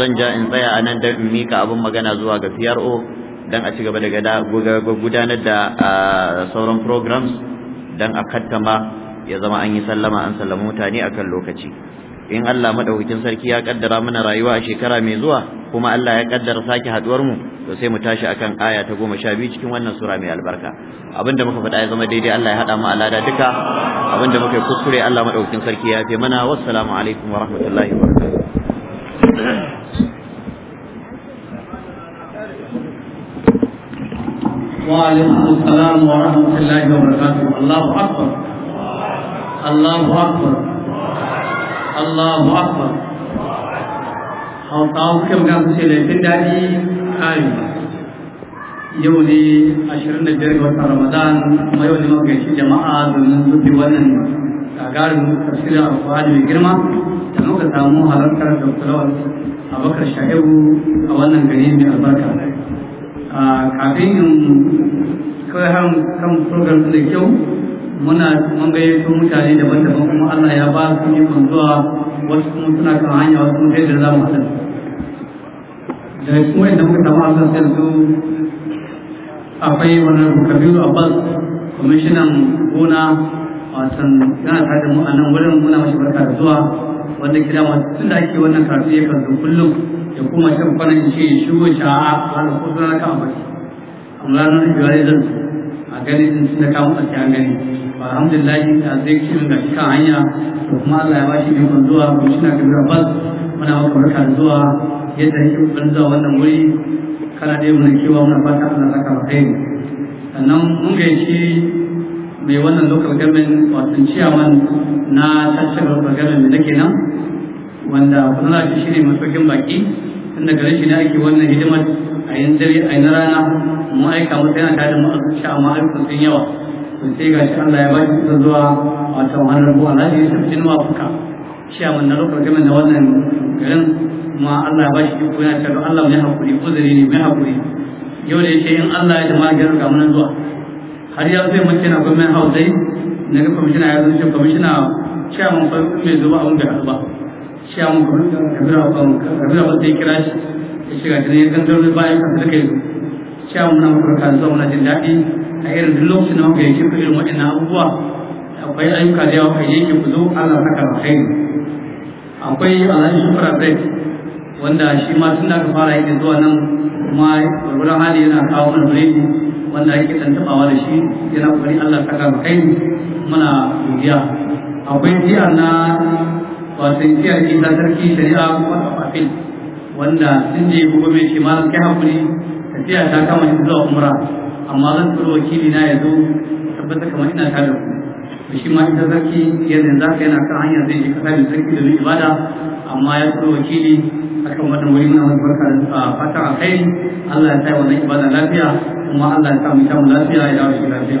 zan ja in tsaya a nan don in mika abin magana zuwa ga PRO don a ci gaba da gudanar da ah, sauran programs dan a kattama ya zama an yi sallama an sallama mutane akan lokaci in Allah madaukakin sarki ya kaddara mana rayuwa a shekara mai zuwa kuma Allah ya kaddara sake haduwar mu to sai mu tashi akan aya ta goma sha biyu cikin wannan sura mai albarka abinda muka faɗa ya zama daidai Allah ya haɗa mu alada duka abinda muka kuskure Allah madaukakin sarki ya fi mana wassalamu alaikum wa rahmatullahi wa barakatuh وعليكم السلام ورحمة الله وبركاته الله أكبر الله أكبر الله أكبر hausawa kuke magana su ce laifin daɗi kare yau ne ashirin da biyar ga watan ramadan kuma yau ne magaishe jama'a domin zubi wannan gagarin tafsirin alfahari mai girma da muka samu halartar da abakar sha'ibu a wannan gari mai albarka kafin in kai kan program da kyau muna mun gayyato mutane daban-daban kuma Allah ya ba su ikon zuwa wasu kuma suna kan hanya wasu kuma da za mu haɗa daga cikin wanda muka samu a sassan su akwai wani kabiru abbas kwamishinan gona wasan yana tare da mu a nan wurin muna mashi barka da zuwa wanda kira masu tun da ake wannan karatu ya kan kullum ya kuma shan farin ce shi wuce a wani kusa na kama shi amma ranar jiwari zan a ganin sun sun da kama a cikin gani ba alhamdulillah da zai ci ga shi kan hanya to kuma Allah ya ba shi ikon zuwa ko shi na kabira bas muna maka barka zuwa yadda yake kokarin zuwa wannan wuri kana dai muna kewa muna fata Allah zaka ba kai sannan mun gaishe mai wannan local government wato chairman na tattalin local government da nan wanda kuma shi ne mafi baki tunda gare shi ne ake wannan hidimar a yin dare a yin rana mu aika yana sai na tare mu sha amma ayyukan sun yawa ce sai shi Allah ya baki shi zuwa wata wannan ruwa na shi sun jin mafuka shi a wannan rukar game da wannan garin Ma Allah ya baki shi iko yana cewa Allah mai hakuri uzuri ne mai hakuri yau da yake in Allah ya jama'a garin ga mun zuwa har yau sai mun kina gwamnatin hausai na ga kwamishina ya zo shi kwamishina chairman fa mai zuba abun da ba shi a muku da ba muku kabira ba sai kira shi ya shiga ta ne kan zarfi bayan kan suka yi shi a muna muku kan zuwa muna jin daɗi a irin duk lokacin da muka yanke irin waɗannan abubuwa akwai ayyuka da yawa kan yanke ku zo Allah saka alkhairi akwai alhaji shukura bread wanda shi ma tun da aka fara yi zuwa nan kuma gwargwaron hali yana kawo mana biredi wanda ake tantabawa da shi yana kokari Allah saka alkhairi muna godiya akwai jiya na wato kiyaye ce ta sarki shari'a ko afafin wanda sun je gobe mai ce kai hakuri tafiya ta kama shi zuwa umra amma zan turo wakili na ya zo tabbata kamar ina tare da ku shi ma ita sarki yanzu za ka yana kan hanyar zai je kasa da sarki da ibada amma ya turo wakili akan wannan wuri muna barka da fatan alkhairi Allah ya sa wannan ibada lafiya kuma Allah ya sa mu samu lafiya ya dawo shi lafiya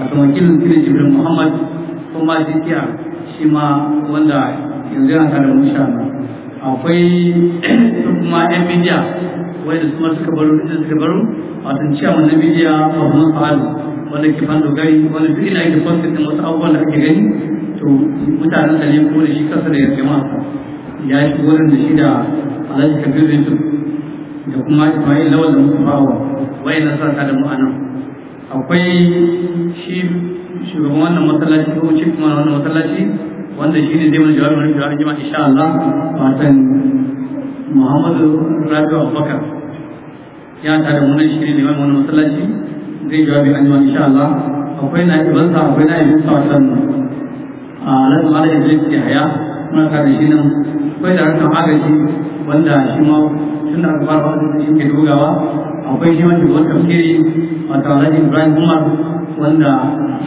wato wakilin kire Jibril Muhammad kuma shi shi ma wanda yanzu yana tare mu sha akwai kuma yan bidiya wanda su ma suka baro inda suka baro a tun ciya mun na a babban sa'adu wanda ke fando gari wanda duk ina yake fosil din wasu abubuwan da kake gani to mutanen da ne kuma da shi kansa da jama'a ya shi wurin da shi da alhaji kabir yusuf da kuma ismail lawal da musu bawa wayan sa da mu akwai shi shugaban wannan masallaci ko cikin wannan masallaci wanda ne zai mana jawabin wani jawabin jima'a insha Allah fatan Muhammadu Rabi Abubakar ya tare mu nan ne neman wani masallaci zai jawabi an jima insha Allah akwai na yi banta, akwai na yi watan a nan malam Idris ke haya muna kare shi nan akwai da rakan agaji wanda shi ma tun da aka fara wani shi ke dogawa akwai shi wanda shugaban kiri wata Alhaji Ibrahim Umar wanda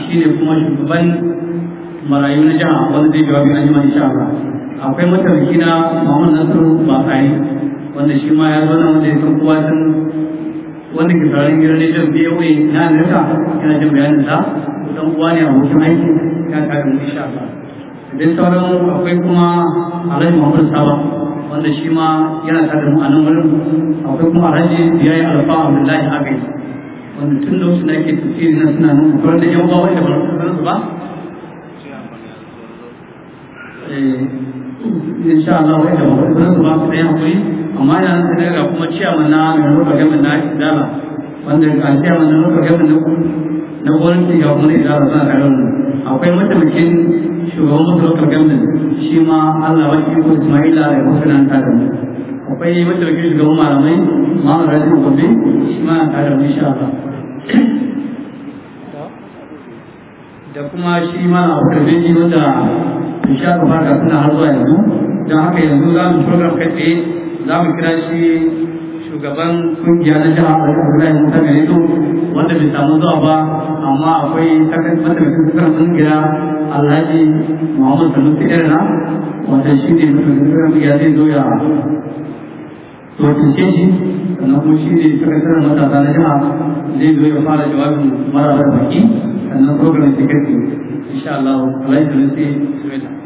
shi ne kuma shugaban marayu na jiha wanda zai jawabi an jima insha Allah akwai mataimaki na Muhammad Nasiru Bakari wanda shi ma ya zauna wanda ya san kowa sun wanda ke ne jan rediyon BOA na nuka yana jin bayanin sa dan uwa ne a mutum aiki ya kare mu insha Allah da sauran akwai kuma Alhaji Muhammad Saba wanda shi ma yana tare mu a nan wurin akwai kuma Alhaji yi Alfa ya Agai wanda tun lokacin da ake tafiya na suna nuna kuran da yan uwa wanda ba su ba Eh, insha Allah wai mafi su ba su ɗaya hakuri amma ga kuma na rufa na idala wanda a rufa na na kuma idala akwai mataimakin shugaban shi ma Allah Ismaila ya ta da mu akwai mataimakin shugaban malamai rajin gobe shi ma mu Allah da kuma shi ma a kurbe insha Allah ga suna har zuwa yanzu don haka yanzu za mu program kai tsaye za mu kira shi shugaban kungiya na jihar Arewa Ibrahim Musa Ganeto wanda bai samu zuwa ba amma akwai sakan mataimakin sakar kungiya Alhaji Muhammad Sanusi Irna wanda shi ne mataimakin sakar kungiya zai zo ya wakilce shi sannan kuma shi ne sakataren matasa na jiha zai zo ya fara jawabin marabar baki sannan program security insha Allah Allah ya sanusi Sumaila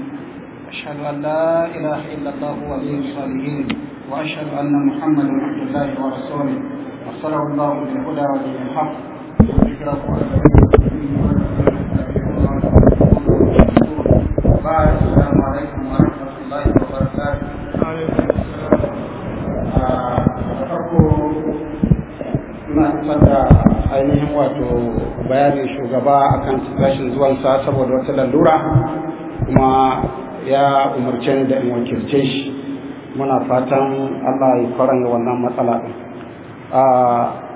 أشهد أن لا إله إلا الله ولي الصالحين وأشهد أن محمدا عبد الله ورسوله أرسله الله بالهدى ودين الحق وذكره بعد السلام عليكم ورحمة الله وبركاته. Ina kusa da ainihin wato bayanin shugaba akan rashin zuwansa saboda wata lalura kuma ya umarce ni da in wakilce shi muna fatan Allah ya faranga wannan matsala din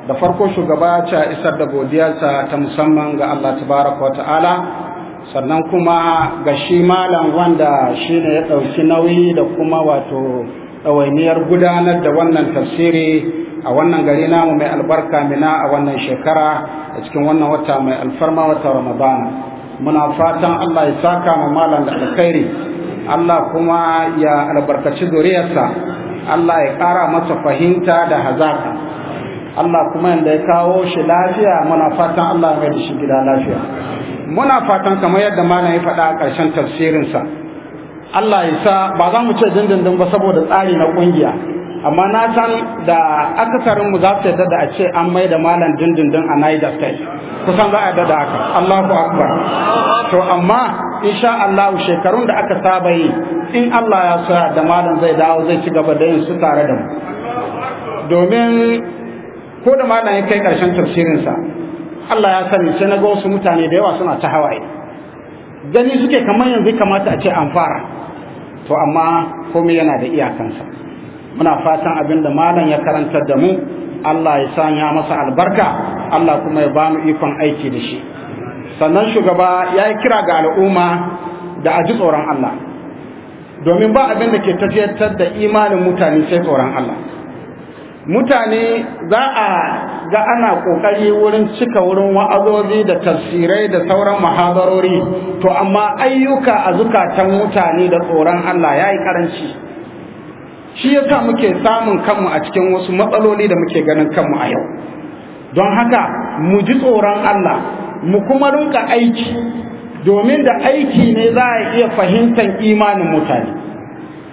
da farko shugaba ya a isar da godiyarsa ta musamman ga Allah tabaraka wa ta'ala sannan kuma ga shi malam wanda shi ne ya ɗauki nauyi da kuma wato ɗawainiyar gudanar da wannan tafsiri a wannan gari namu mai albarka mina a wannan shekara a cikin wannan wata mai alfarma wata ramadana muna fatan Allah ya saka ma malam da alkhairi Allah kuma ya albarkaci zuriyarsa Allah ya ƙara masa fahimta da hazaka Allah kuma yadda ya kawo shi lafiya muna fatan Allah ya da shi gida lafiya muna fatan kamar yadda malam ya faɗa a ƙarshen tafsirinsa Allah ya sa ba za mu ce dindindin ba saboda tsari na ƙungiya amma na san da akasarin mu za su yarda da a ce an mai da malam dindindin a Niger State kusan za a yadda da haka Allahu akbar to amma insha Allah shekarun da aka saba yi in Allah ya sa da malam zai dawo zai ci gaba da yin su tare da mu domin ko da malam ya kai karshen tafsirinsa Allah ya sani sai na ga wasu mutane da yawa suna ta hawaye gani suke kamar yanzu kamata a ce an fara to amma komai yana da iyakansa muna fatan abin da malam ya karanta da mu Allah ya sanya masa albarka Allah kuma ya bamu ikon aiki da shi sannan shugaba ya yi kira ga al'umma da a ji tsoron Allah domin ba abin da ke tafiyar da imanin mutane sai tsoron Allah mutane za a ga ana kokari wurin cika wurin wa'azozi da tafsirai da sauran mahadarori to amma ayyuka a zukatan mutane da tsoron Allah ya yi karanci shi yasa muke samun kanmu a cikin wasu matsaloli da muke ganin kanmu a yau don haka mu ji tsoron Allah mu kuma rinka aiki domin da aiki ne za a iya fahimtar imanin mutane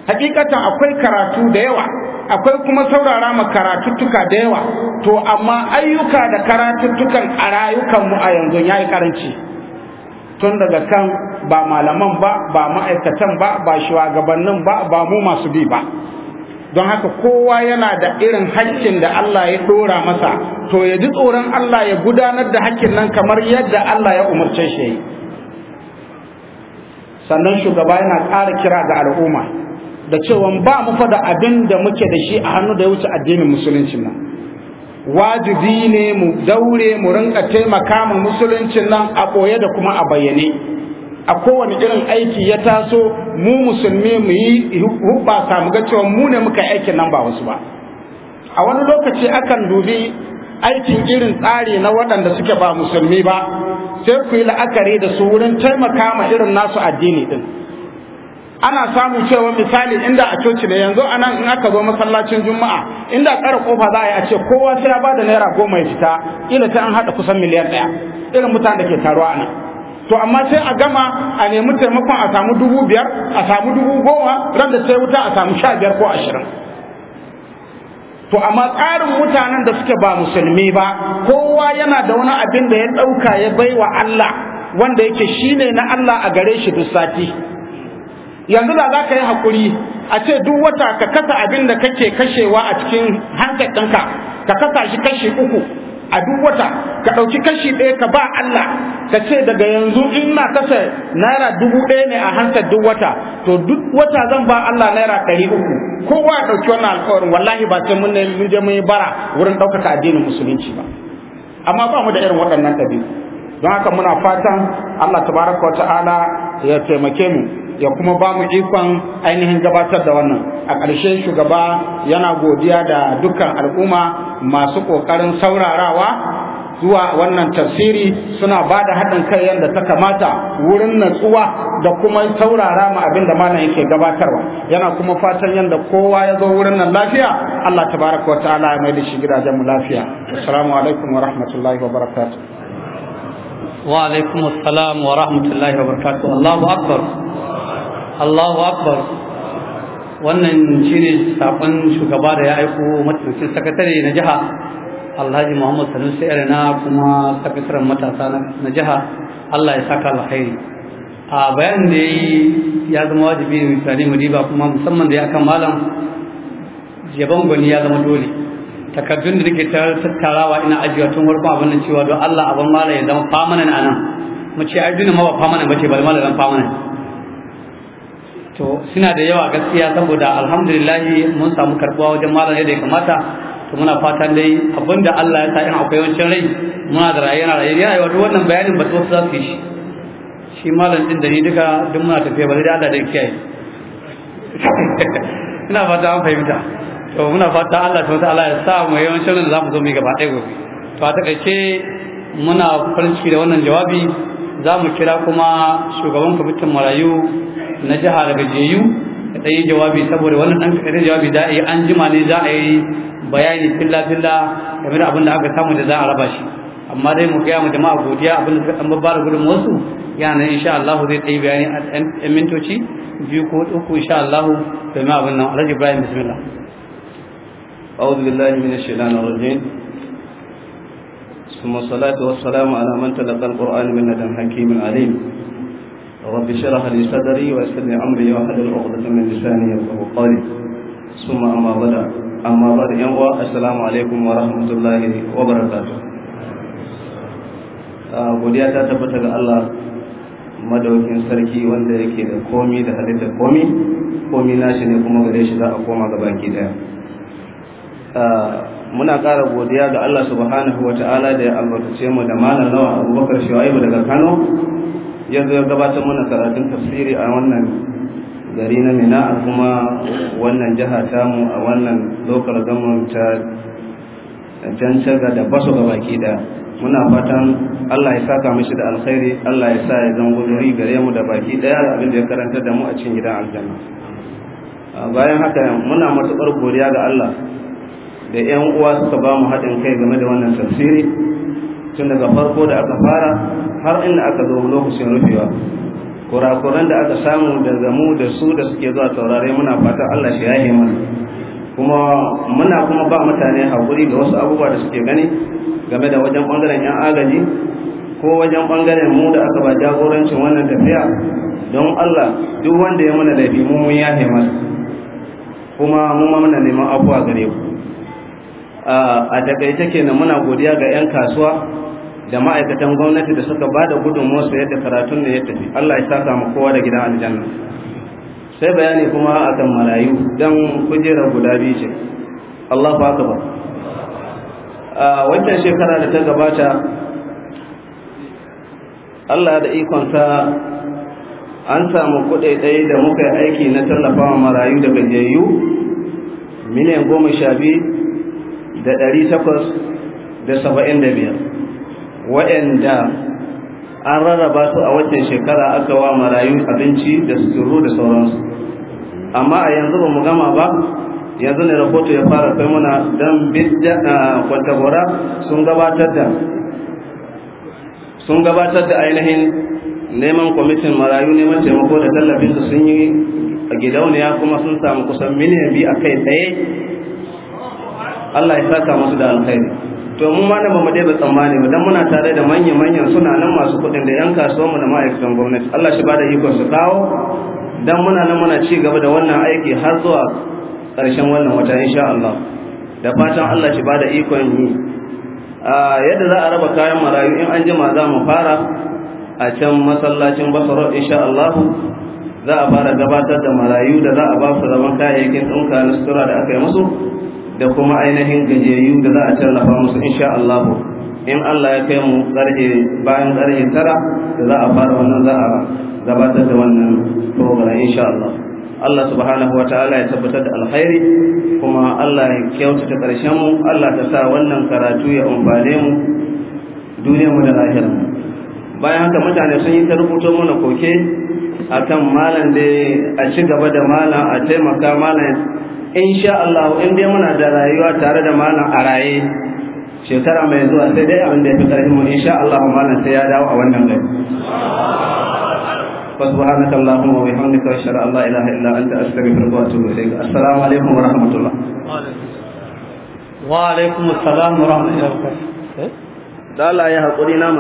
hakikatan akwai karatu da yawa akwai kuma saurara ma karatuttuka da yawa to amma ayyuka da karatuttukan a rayukanmu a yanzu ya yi karanci tun daga kan ba malaman ba ba ma'aikatan ba ba shugabannin ba ba mu masu bi ba don haka kowa yana da irin hakkin da Allah ya ɗora masa to ya ji tsoron Allah ya gudanar da hakkin nan kamar yadda Allah ya umarce shi sannan shugaba yana ƙara kira ga al'umma da cewa ba mu fa da abin da muke da shi a hannu da ya wuce addinin musulunci nan wajibi ne mu daure mu rinka taimaka mu musuluncin nan a ɓoye da kuma a bayyane a kowane irin aiki ya taso mu musulmi mu yi hubasa mu ga cewa mu ne muka yi aikin nan ba wasu ba a wani lokaci akan dubi aikin irin tsari na waɗanda suke ba musulmi ba sai ku yi la'akari da su wurin taimaka ma irin nasu addini din ana samu cewa misali inda a coci da yanzu anan in aka zo masallacin juma'a inda tsara kofa za a yi a ce kowa sai ya bada naira goma ya fita ila ta an haɗa kusan miliyan ɗaya irin mutanen da ke taruwa anan to amma sai a gama a nemi taimakon a samu dubu biyar a samu dubu goma ran da sai wuta a samu sha biyar ko ashirin to amma tsarin mutanen da suke ba musulmi ba kowa yana da wani abin da ya ɗauka ya bai wa Allah wanda yake ne na Allah a gare shi duk sati yanzu da za ka yi hakuri a ce duk wata ka kasa abin da kake kashewa a cikin hankali ka kasa shi kashi uku a duk wata ka ɗauki kashi ɗaya ka ba Allah ka ce daga yanzu in na kasa naira dubu ɗaya ne a hantar duk wata to duk wata zan ba Allah naira ɗari uku kowa ya ɗauki wannan alƙawarin wallahi ba sai mun je mun yi bara wurin ɗaukaka addinin musulunci ba amma ba mu da irin waɗannan ɗabi'u don haka muna fatan Allah tabaraka wa ta'ala ya taimake mu ya kuma ba mu ikon ainihin gabatar da wannan a ƙarshe shugaba yana godiya da dukkan al'umma masu ƙoƙarin saurarawa zuwa wannan tafsiri suna ba da haɗin kai yadda ta kamata wurin natsuwa da kuma saurara ma abin da malam yake gabatarwa yana kuma fatan yadda kowa ya zo wurin nan lafiya Allah tabaraka wa ta'ala ya mai da shi gidajen mu lafiya assalamu alaikum wa rahmatullahi wa barakatuh wa alaikum assalam wa rahmatullahi wa barakatuh Allahu akbar Allahu akbar wannan shine sakon shugaba da ya aiko mataimakin sakatare na jiha Alhaji Muhammad Sanusi Erena kuma sakataren matasa na jiha Allah ya saka alkhairi a bayan da yi ya zama wajibi mutane mu riba kuma musamman da ya kan malam jiya gwani ya zama dole takardun da nake tattarawa ina ajiyar tun farkon abin nan cewa don Allah abin mala ya zama famanan a nan mu ce ai duniya ma ba famanan bace bal mala zan nan, to suna da yawa gaskiya saboda alhamdulillah mun samu karbuwa wajen malam yadda ya kamata to muna fatan dai abinda Allah ya sa in akwai wancan rai muna da rayuwa rayuwa yana yi duk wannan bayanin ba to za su yi shi shi malam din da ni duka duk muna tafiya ba sai da Allah da kiyaye ina fata an fahimta to muna fata Allah wata Allah ya sa mu yawan shirin da zamu zo mu gaba ɗaya gobe to a takaice muna farin ciki da wannan jawabi za mu kira kuma shugaban kwamitin marayu na jiha daga jeyu da ɗaya jawabi saboda wannan ɗan kaɗan jawabi za a yi an jima ne za a yi bayani filla filla game da abin da aka samu da za a raba shi amma dai mu gaya mu jama'a godiya abin da suka ɗan babbara gudun wasu yana nan insha Allah zai ɗan bayani a ɗan mintoci biyu ko uku insha Allah domin abin nan Alhaji Ibrahim bismillah أعوذ بالله من الشيطان الرجيم ثم الصلاة والسلام على من تلقى القرآن من لدن حكيم عليم رب شرح لي صدري ويسر لي أمري واحلل عقدة من لساني يفقه قولي ثم أما بدأ أما بعد ينوى السلام عليكم ورحمة الله وبركاته godiya ta tabbata ga Allah madaukin sarki wanda yake da komi da halittar komi komi nashi ne kuma gare shi za a koma ga baki daya Ah, muna ƙara godiya ga Allah subhanahu wa ta'ala da ya albarkace mu da malam nawa abubakar shawaibu daga kano yanzu ya gabatar mana karatun tafsiri a wannan gari na mina kuma wannan jiha tamu a wannan lokar gamun ta jancaga da baso ga baki da muna fatan Allah ya saka mishi da alkhairi Allah ya sa ya zan guduri gare mu da baki daya abin da ya karanta da mu a cikin gidan aljanna ah, bayan haka muna matukar godiya ga Allah da 'yan uwa suka ba mu haɗin kai game da wannan tafsiri tun daga farko da aka fara har inda aka zo lokacin rufewa kurakuran da aka samu daga zamu da su da suke zuwa taurare muna fata Allah shi yahe mana kuma muna kuma ba mutane hakuri ga wasu abubuwa da suke gani game da wajen bangaren yan agaji ko wajen bangaren mu da aka ba jagorancin wannan tafiya don Allah duk wanda ya mana laifi mu mun yahe mana kuma mu ma muna neman abuwa gare ku a takaice kenan muna godiya ga 'yan kasuwa da ma'aikatan gwamnati da suka ba da gudunmuwarsu yadda karatun da ya tafi Allah ya sa kowa da gidan aljanna sai bayani kuma a akan marayu don kujerar guda biyu ce Allah ba ka ba. a wancan shekara da ta gabata Allah da ikonsa an samu ɗaya da muka yi aiki na tallafawa marayu daga gajiyayyu miliyan goma sha biyu da ɗari takwas da saba'in da biyar waɗanda an rarraba su a wajen shekara aka wa marayu abinci da suturu da sauransu amma a yanzu ba mu gama ba yanzu ne rahoto ya fara kai muna don kwantagora sun gabatar da sun gabatar da ainihin neman kwamitin marayu neman taimako da tallafin su sun yi a gidauniya kuma sun samu kusan miliyan biyu a kai tsaye Allah ya saka musu da alkhairi to mu ma ba mu dai ba tsammani ba dan muna tare da manyan manyan suna nan masu kuɗin da yan kasuwar mu da ma'aikatan gwamnati Allah shi bada ikon su kawo dan muna nan muna ci gaba da wannan aiki har zuwa ƙarshen wannan wata insha Allah da fatan Allah shi bada ikon yi yadda za a raba kayan marayu in an jima za mu fara a can masallacin basaro insha Allah za a fara gabatar da marayu da za a ba su rabon kayayyakin ɗinka na sutura da aka yi musu da kuma ainihin gajeyu da za a tallafa musu insha Allah in Allah ya kai mu karhe bayan karhe tara da za a fara wannan za a gabatar da wannan program insha Allah Allah subhanahu wataala ya tabbatar da alkhairi kuma Allah ya kyautata karshen mu Allah ta sa wannan karatu ya umfane mu duniyar mu da lahira bayan haka mutane sun yi ta rubuto mana koke akan malam da a ci gaba da malam a taimaka malam insha Allah in dai muna da rayuwa tare da malam a raye shekara mai zuwa sai dai abin da ya fi karfin mu insha Allah malam sai ya dawo a wannan gari فسبحانك اللهم وبحمدك اشهد ان لا اله الا انت استغفرك واتوب اليك السلام عليكم ورحمه الله وعليكم السلام ورحمه الله وبركاته da Allah ya haƙuri na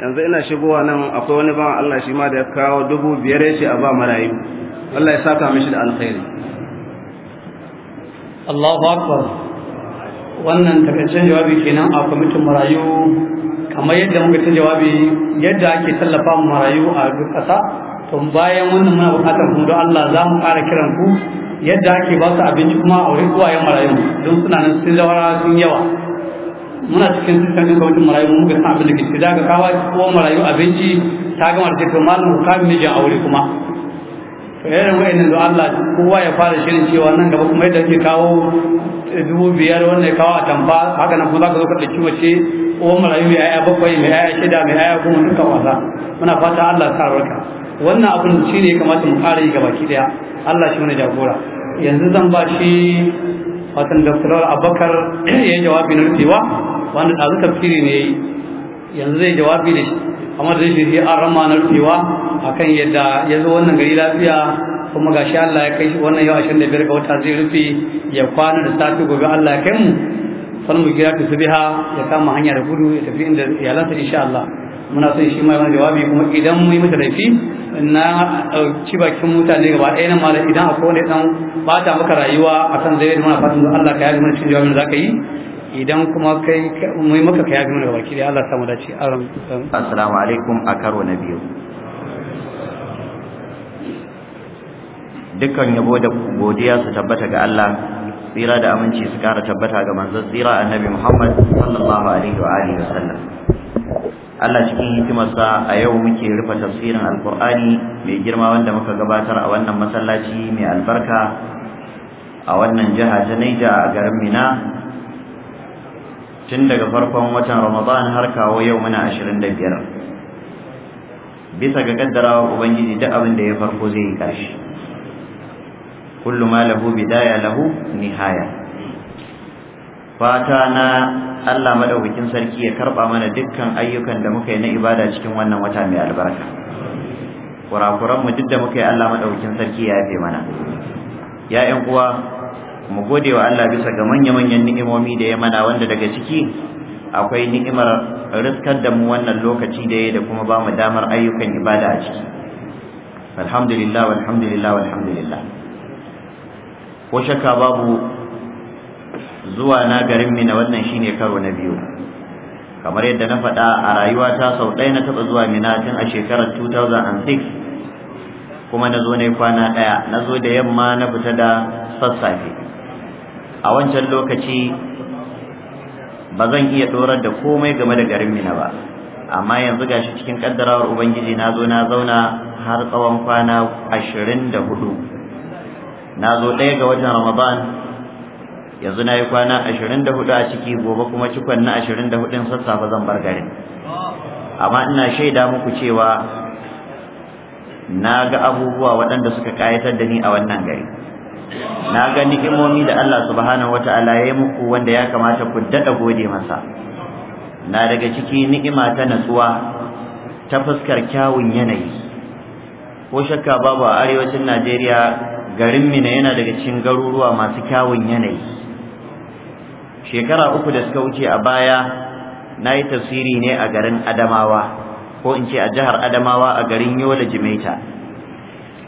yanzu ina shigowa nan akwai wani ban Allah shi ma da ya kawo dubu biyar ce a ba marayu Allah ya saka mishi da alkhairi Allahu akbar wannan takaitaccen jawabi kenan a kwamitin marayu kamar yadda muka ta jawabi yadda ake tallafa marayu a duk ƙasa to bayan wannan muna buƙatar mu don Allah za mu ƙara kiran ku yadda ake ba su abinci kuma a wurin uwayen marayu don suna nan sun lawara sun yawa muna cikin tattalin kawai marayu muka san abin da ke za kawa kawo ko marayu abinci ta gama da to malam ka mijin aure kuma to irin wa'annan da Allah kowa ya fara shirin cewa nan gaba kuma yadda ke kawo eh, dubu biyar wannan ya kawo a tamba haka nan kuma za ka zo ka ɗauki wace ko marayu mai aya bakwai mai aya shida mai aya goma duka wasa muna fata Allah sa barka wannan abin shi ne ya kamata mu fara yi gabaki daya Allah shi mana jagora yanzu zan ba shi watan daftarar Abubakar ya yi jawabi na rufewa wanda ɗazu tafsiri ne yanzu zai jawabi da shi amma da shi an rama na rufewa akan yadda ya zo wannan gari lafiya kuma gashi Allah ya kai shi wannan yau ashirin da biyar ga wata zai rufe ya kwana da safe gobe Allah ya kai mu sannan mu kira ta subiha ya kama hanya da gudu ya tafi inda iyalansa insha Allah muna son shi mai wani jawabi kuma idan mun yi mata laifi na ɗauki bakin mutane gaba ɗaya nan malam idan akwai wani ɗan bata maka rayuwa a kan zai muna fatan Allah ka yafi mana cikin jawabin da ka yi idan kuma kai mai maka ka yafi mana gaba ki Allah samu dace assalamu alaikum a karo na biyu dukkan yabo da godiya su tabbata ga Allah tsira da aminci su kara tabbata ga manzon tsira annabi Muhammad sallallahu alaihi wa alihi wa sallam Allah cikin hikimarsa a yau muke rufe tafsirin alkur'ani mai girma wanda muka gabatar a wannan masallaci mai albarka a wannan jiha ta Naija a garin Mina tun daga farkon watan Ramadan har kawo yau muna 25 bisa ga kaddarawa ubangiji duk abin da ya farko zai yi karshe kullu ma lahu bidaya lahu nihaya fata na Allah madaukakin sarki ya karba mana dukkan ayyukan da muka yi na ibada cikin wannan wata mai albarka kurakuran duk da muka yi Allah madaukakin sarki ya yafe mana ya uwa mu gode wa Allah bisa ga manya-manyan ni'imomi da ya mana wanda daga ciki akwai ni'imar riskar da mu wannan lokaci da ya da kuma ba mu damar ayyukan ibada a ciki alhamdulillah alhamdulillah alhamdulillah ko shakka babu zuwa na garin mina wannan shine karo na biyu kamar yadda na faɗa a rayuwa ta sau ɗaya na taɓa zuwa mina tun a shekarar 2006 kuma na zo ne kwana ɗaya na zo da yamma na fita da sassafe a wancan lokaci ba zan iya ɗorar da komai game da garin mina ba amma yanzu gashi cikin ƙaddarawar ubangiji na zo na zauna har tsawon kwana ashirin da hudu na zo ɗaya ga watan ramadan yanzu na yi kwana ashirin a ciki gobe kuma cikon na ashirin da hudun sassafe zan bar garin amma ina shaida muku cewa na ga abubuwa waɗanda suka ƙayatar da ni a wannan gari na ga ni'imomi da Allah subhanahu wata'ala ya yi muku wanda ya kamata ku daɗa gode masa na daga ciki ni'ima ta natsuwa ta fuskar kyawun yanayi ko shakka babu a arewacin Najeriya garin Mina yana daga cikin garuruwa masu kyawun yanayi shekara uku da suka wuce a baya na yi tafsiri ne a garin adamawa ko in ce a jihar adamawa a garin yola jimaita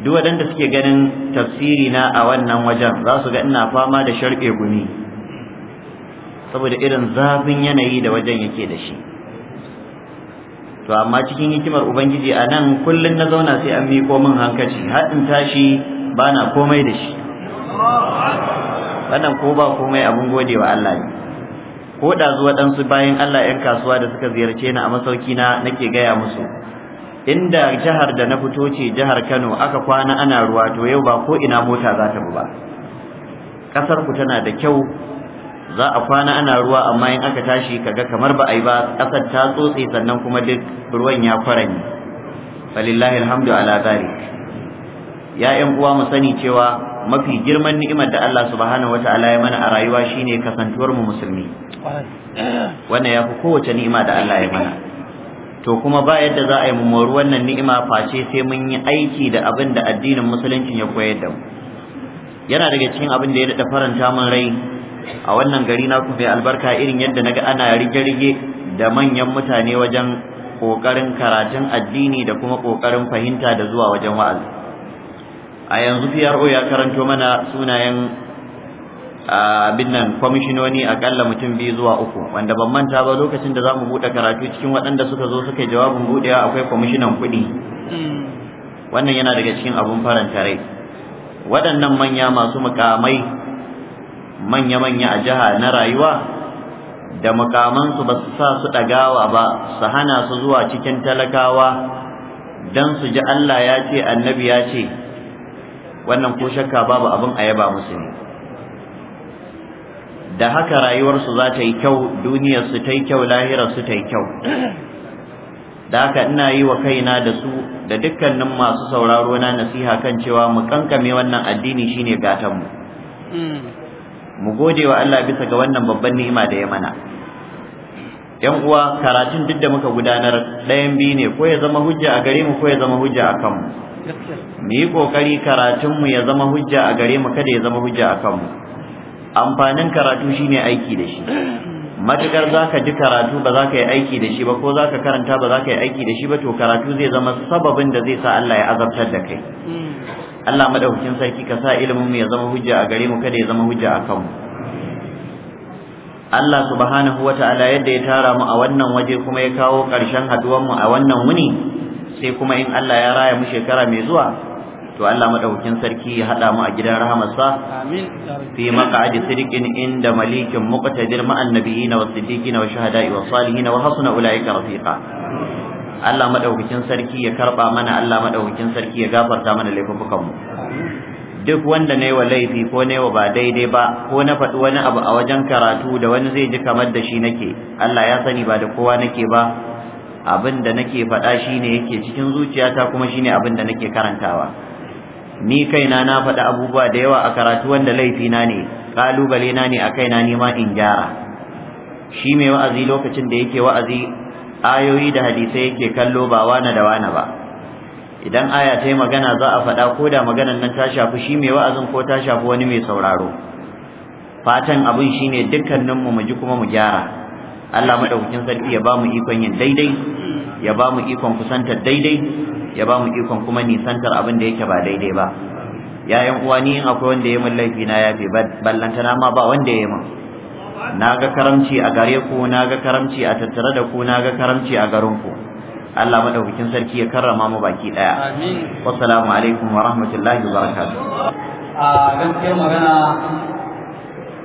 duk waɗanda suke ganin tafsiri na a wannan wajen za su ga ina fama da sharɓe gumi saboda irin zafin yanayi da wajen yake da shi to amma cikin hikimar ubangiji a nan kullum na zauna sai an miko min hankali, har in tashi bana komai da shi wannan ko ba komai abin gode wa Allah ne ko da zuwa ɗansu bayan Allah 'yan kasuwa da suka ziyarce ni a masauki na nake gaya musu inda jihar da na fito ce jihar Kano aka kwana ana ruwa to yau ba ko ina mota za ta bi ba kasar ku tana da kyau za a kwana ana ruwa amma in aka tashi kaga kamar ba a yi ba kasar ta tsotse sannan kuma duk ruwan ya kwaranye falillahi alhamdu ala zalik ya yan uwa mu sani cewa mafi girman ni'imar da Allah subhanahu wataala ya mana a rayuwa shine kasantuwar mu musulmi wannan fi kowace ni'ima da Allah ya mana to kuma ba yadda za a yi mu wannan ni'ima face sai mun yi aiki da abin da addinin musulunci ya koyar da mu yana daga cikin abin da ya daɗa faranta min rai a wannan gari na kuma albarka irin yadda naga ana rige-rige da manyan mutane wajen ƙoƙarin karatun addini da kuma ƙoƙarin fahimta da zuwa wajen wa'azi a yanzu PRO ya karanto mana sunayen abin nan kwamishinoni akalla mutum biyu zuwa uku wanda ban manta ba lokacin da za mu buɗe karatu cikin waɗanda suka zo suka yi jawabin buɗewa akwai kwamishinan kuɗi hmm. wannan yana daga cikin abun faranta rai waɗannan manya masu mukamai manya-manya a jiha na rayuwa da mukamansu ba su sa su ɗagawa ba su hana su zuwa cikin talakawa don su ji Allah ya ce annabi ya ce wannan ko shakka babu abin a yaba musu ne da haka rayuwarsu za ta yi kyau duniyarsu ta yi kyau lahirarsu ta yi kyau da haka ina yi wa kaina da su da dukkanin masu sauraro na nasiha kan cewa mu kankame wannan addini shine gatanmu mu gode wa Allah bisa ga wannan babban ni'ima da ya mana yan uwa karatun duk da muka gudanar ɗayan biyu ne ko ya zama hujja a gare mu ko ya zama hujja a kanmu mu yi kokari karatunmu ya zama hujja a gare mu kada ya zama hujja a kanmu amfanin karatu shine aiki da shi matukar za ka ji karatu ba za ka yi aiki da shi ba ko za ka karanta ba za ka yi aiki da shi ba to karatu zai zama sababin da zai sa Allah ya azabtar da kai Allah madaukakin sarki ka sa ilimin mu ya zama hujja a gare mu kada ya zama hujja a kanmu Allah subhanahu wata'ala yadda ya tara mu a wannan waje kuma ya kawo ƙarshen haduwar mu a wannan wuni sai kuma in Allah ya raya mu shekara mai zuwa to Allah madaukakin sarki ya hada mu a gidan rahamarsa amin fi maq'adi sidqin inda malikin muqtadir ma'an nabiyina was siddiqina wa shuhada'i wa salihin wa hasuna ulaika rafiqa Allah madaukakin sarki ya karba mana Allah madaukakin sarki ya gafarta mana laifukan mu duk wanda ne wa laifi ko ne wa ba daidai ba ko na faɗi wani abu a wajen karatu da wani zai ji kamar da shi nake Allah ya sani ba da kowa nake ba abin da nake faɗa shine yake cikin zuciyata kuma shine abin da nake karantawa ni kaina na faɗi abubuwa da yawa a karatu wanda laifina ne kalubale na ne a kaina ni ma in gyara shi mai wa'azi lokacin da yake wa'azi ayoyi da hadisai yake kallo ba wana da wana ba idan aya ta yi magana za a faɗa ko da maganar nan ta shafi shi mai wa'azin ko ta shafi wani mai sauraro fatan abin shine dukkaninmu mu ji kuma mu gyara Allah madaukakin sarki ya bamu ikon yin daidai ya bamu ikon kusantar daidai ya bamu ikon kuma nisantar abin da yake ba daidai ba yayan uwa ni in akwai wanda ya min laifi na yafi, na ma ba wanda ya min na ga karamci a gare ku na ga karamci a tattare da ku na ga karamci a garin ku Allah madaukakin sarki ya karrama mu baki daya amin wassalamu alaikum wa rahmatullahi wa barakatuh a gaskiyar magana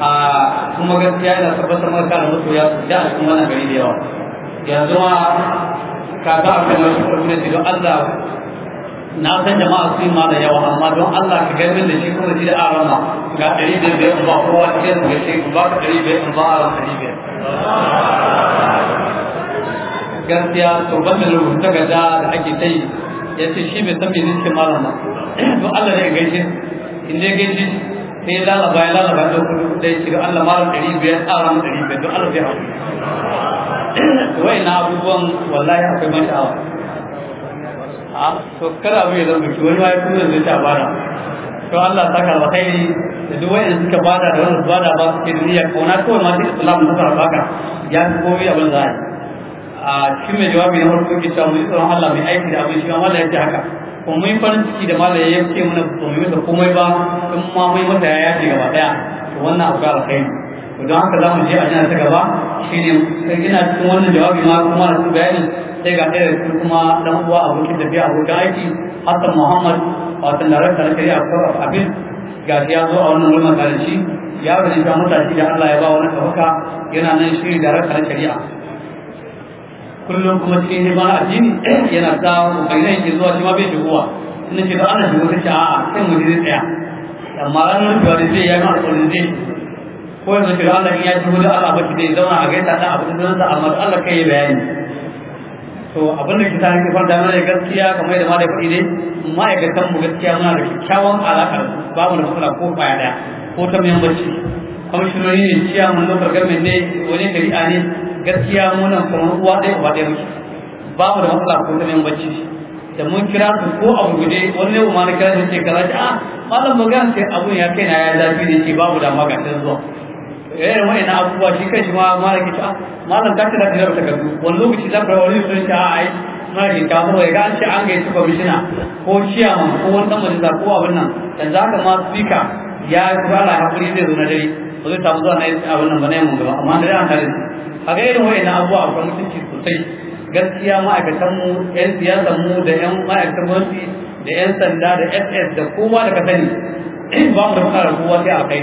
a kuma gaskiya ina tabbatar maka kana musu ya da su mana gari da yawa yanzu ma ka ga akwai masu gwamnati don Allah na san jama'a su yi ma da yawa amma don Allah ka gani da shi kuma da arama ga ɗari da biyar ba kowa cikin da shi ba ka ɗari biyar ba a ran ɗari biyar gaskiya to ban da rubuta ga da ake ta yi ya ce shi bai san me ne ce malama don Allah ne gaishe in dai gaishe sai lalaba ya lalaba da kudu da ya shiga Allah mara ɗari biyar tsara ran ɗari biyar don Allah zai hau wai na abubuwan wallahi akwai man sha'awa a to kada abu ya zama ki wani ma ya kuma zai ta bada to Allah saka alkhairi da duk wanda suka bada da wanda bada ba su ke duniya kauna kawai ma sai Islam ta fara baka ya fi komai abin za a yi a cikin mai jawabi na farko ke cewa mu yi tsoron Allah mai aiki da abin shi ma Allah ya ce haka kuma mun farin ciki da malam ya ce mana ba mu masa komai ba in ma mai masa ya yace gaba daya to wannan akwai alkhairi to don haka za mu je a jana ta gaba shine ina cikin wannan jawabi ma kuma na su bayani sai ga ɗaya su kuma dan uwa abokin tafiya abokin aiki Hassan Muhammad wato darakta na shari'a Corps of ga shi ya zo a wannan wurin shi ya bari ta mutaci da Allah ya ba wani kafaka yana nan shi darakta na shari'a kullum kuma cikin a jin yana sa bayanan yake zuwa shi ma bai kowa ina ce da ana shigo ta ce a'a sai mu je tsaya amma ranar rufewa da zai ya ga alƙawarin zai ko yanzu shi Allah in ya shigo da Allah baki zai zauna a gaita ta abin da zai amma Allah kai bayani to abin da ke sa nake fara mana gaskiya kamar yadda ma da ma ya ga mu gaskiya muna da kyakkyawan alaƙar babu da matsala ko kwaya ɗaya ko ta membanci shi ne ciyaman lokar gamin ne wani ne gaskiya munan kamar uwa ɗaya ba ɗaya muke ba mu da matsala ko ta bacci da mun kira su ko a guje wani ne na kira su ce kaza a malam magana sai abun ya kai na ya zafi ne ce babu da maganin zuwa eh wani na abubuwa shi kai shi ma malam ki ta ah, malam ka ta da ta kasu wani lokaci za ka rawa wani sun ta ah, ai na ke ta ko ga an ce an gaita kwamishina ko ciyaman ko wani dan majalisa ko abin nan yanzu haka ma spika ya da hakuri zai zo na dare ba zai samu zuwa na yi abin nan ba na yin gaba amma da an tare a ga irin wa'in abubuwa akwai mutunci sosai gaskiya ma'aikatan mu yan siyasan mu da yan ma'aikatan gwamnati da yan sanda da ss da kowa da ka sani ba mu da fara kowa sai a kai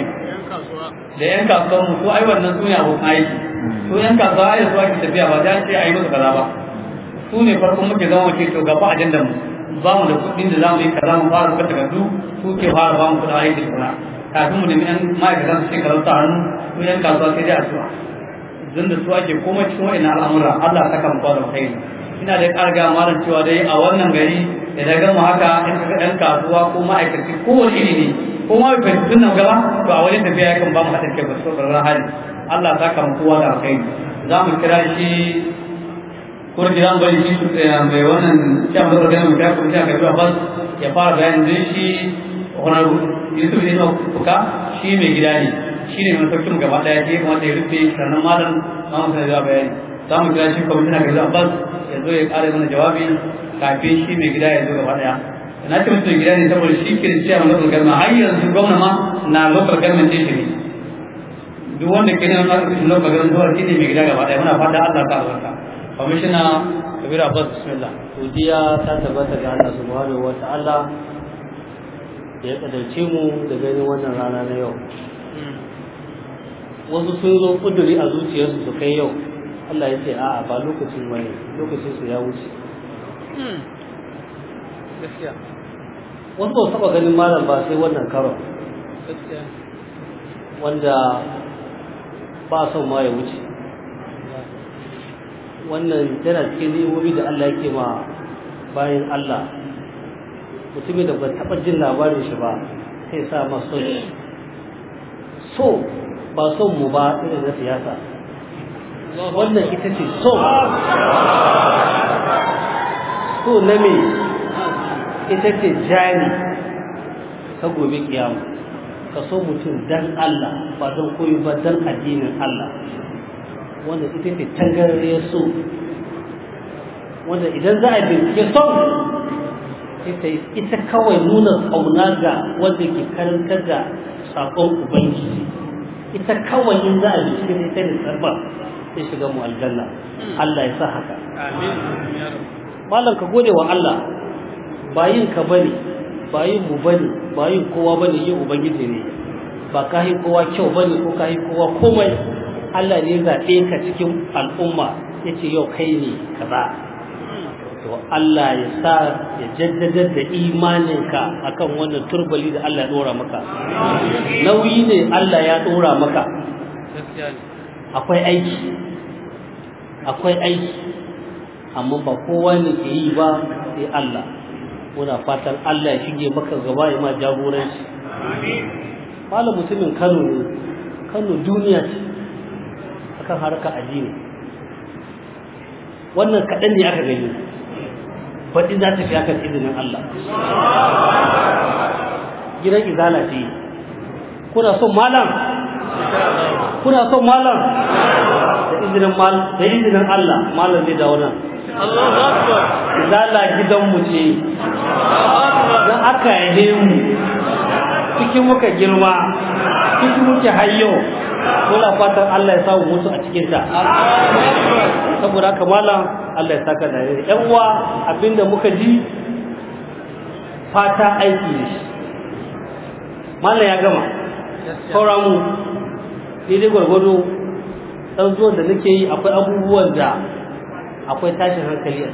da yan kasuwa mu ko ai wannan su ne abokan aiki su yan kasuwa ai da su tafiya ba sai ce a yi musu kaza ba su ne farkon muke zama wace to gaba ajandar mu ba mu da kuɗin da za mu yi kaza mu fara suka takardu su ke fara ba mu kuɗin aiki kuna kafin mu nemi yan ma'aikatan su ce ta hannu ko yan kasuwa sai dai addu'a Zan da su ake komai cikin wa'in al'amura Allah saka mu bada kai ina da ƙarga malam cewa dai a wannan gari idan ga mu haka in ka ɗan kasuwa ko ma'aikaci ko wani ne ne ko ma bai tun nan gaba to a wajen tafiya kan ba mu hadin kai ba so ɗan hali Allah saka mu kowa da kai za mu kira shi kurji zan bari shi eh, mai wannan shi a matsalar ganin mai kira shi a kai ba ya fara bayan zai shi ƙwararru yanzu ne ma kuka, shi mai gida ne shi ne masaukin gaba ɗaya shi kamata ya rufe sannan malam samun mu zuwa bayani za mu shi kwamishina ga zuwa Abbas, ya zo ya ƙara mana jawabi kafin shi mai gida ya zo gaba ɗaya na ce mutum gida ne saboda shi ke ciya a lokacin gama har yanzu gwamna ma na lokacin gama ce shi ne duk wanda ke nan lokacin garma zuwa shi ne mai gida gaba ɗaya muna fata Allah ta albarka kwamishina kabir abbas bismillah godiya ta tabbata ga Allah subhanahu wa ta'ala da ya kadarce mu da ganin wannan rana na yau wasu sun zo ƙuduri a zuciyarsu su kai yau Allah ya ce a'a ba lokacin wani lokacin su ya wuce hmm. wasu ba saba ganin malam ba sai wannan karon wanda ba son ma ya wuce wannan tana cikin nemomi da Allah yake ma bayan Allah mutumin da ba taɓa jin labarin shi ba sai sa masu so ba son mu ba irin na siyasa wannan ita ce so so na me ita ce jani ka gobe kiyama ka so mutum dan Allah ba don koyi ba dan addinin Allah wanda ita ce tangararriyar so wanda idan za a bincike son sai ita kawai nuna kauna ga wanda ke karanta ga sakon ubangiji ita kawai in za a bi shi ne sai da tsarba sai shiga mu aljanna Allah ya sa haka malam ka gode wa Allah bayin ka bane bayin mu bane bayin kowa bane yin ubangiji ne ba ka yi kowa kyau bane ko ka yi kowa komai Allah ne zaɓe ka cikin al'umma yace yau kai ne kaza to Allah ya sa ya jaddadar da imaninka akan wannan turbali da Allah ya dora maka nauyi ne Allah ya dora maka akwai aiki akwai aiki amma ba kowa ne ke yi ba sai Allah muna fatan Allah ya shige maka gaba ya ma jagoranci malam mutumin Kano ne Kano duniya ce akan harka addini wannan kaɗan ne aka gani baɗi za ta fi akan izinin Allah gidan izala ce kuna son malam kuna son malam da izinin da izinin Allah malam zai dawo nan Allahu akbar izala gidanmu ce zan aka yi mu cikin muka girma su muke hayyo muna fatan Allah ya sa mu mutu a cikin ta saboda haka malam Allah ya saka da rai yan uwa abinda muka ji fata aiki ne malam ya gama saura mu ni dai dan da nake yi akwai abubuwan da akwai tashin hankali a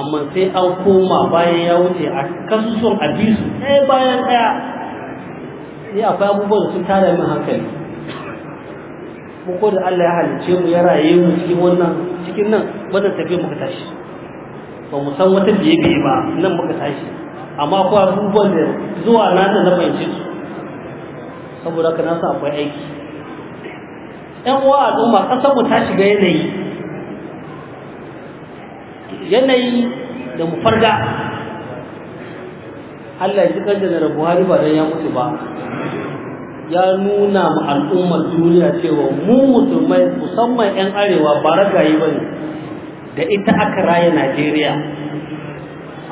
amma sai an koma bayan ya wuce a kasusun abisu ɗaya bayan ɗaya ni akwai abubuwan sun tada min hankali mu ko da Allah ya halice mu ya raye mu cikin wannan cikin nan zan tafi muka tashi ba mu san wata da ya biye ba nan muka tashi amma akwai abubuwan da zuwa na da na fahimci su saboda haka na san akwai aiki ƴan uwa al'umma ƙasar mu ta shiga yanayi yanayi da mu farga Allah ya ji da janar Buhari ba don ya mutu ba ya nuna ma al'ummar duniya cewa mu musulmai musamman 'yan arewa ba ragaye ba ne da ita aka raya Najeriya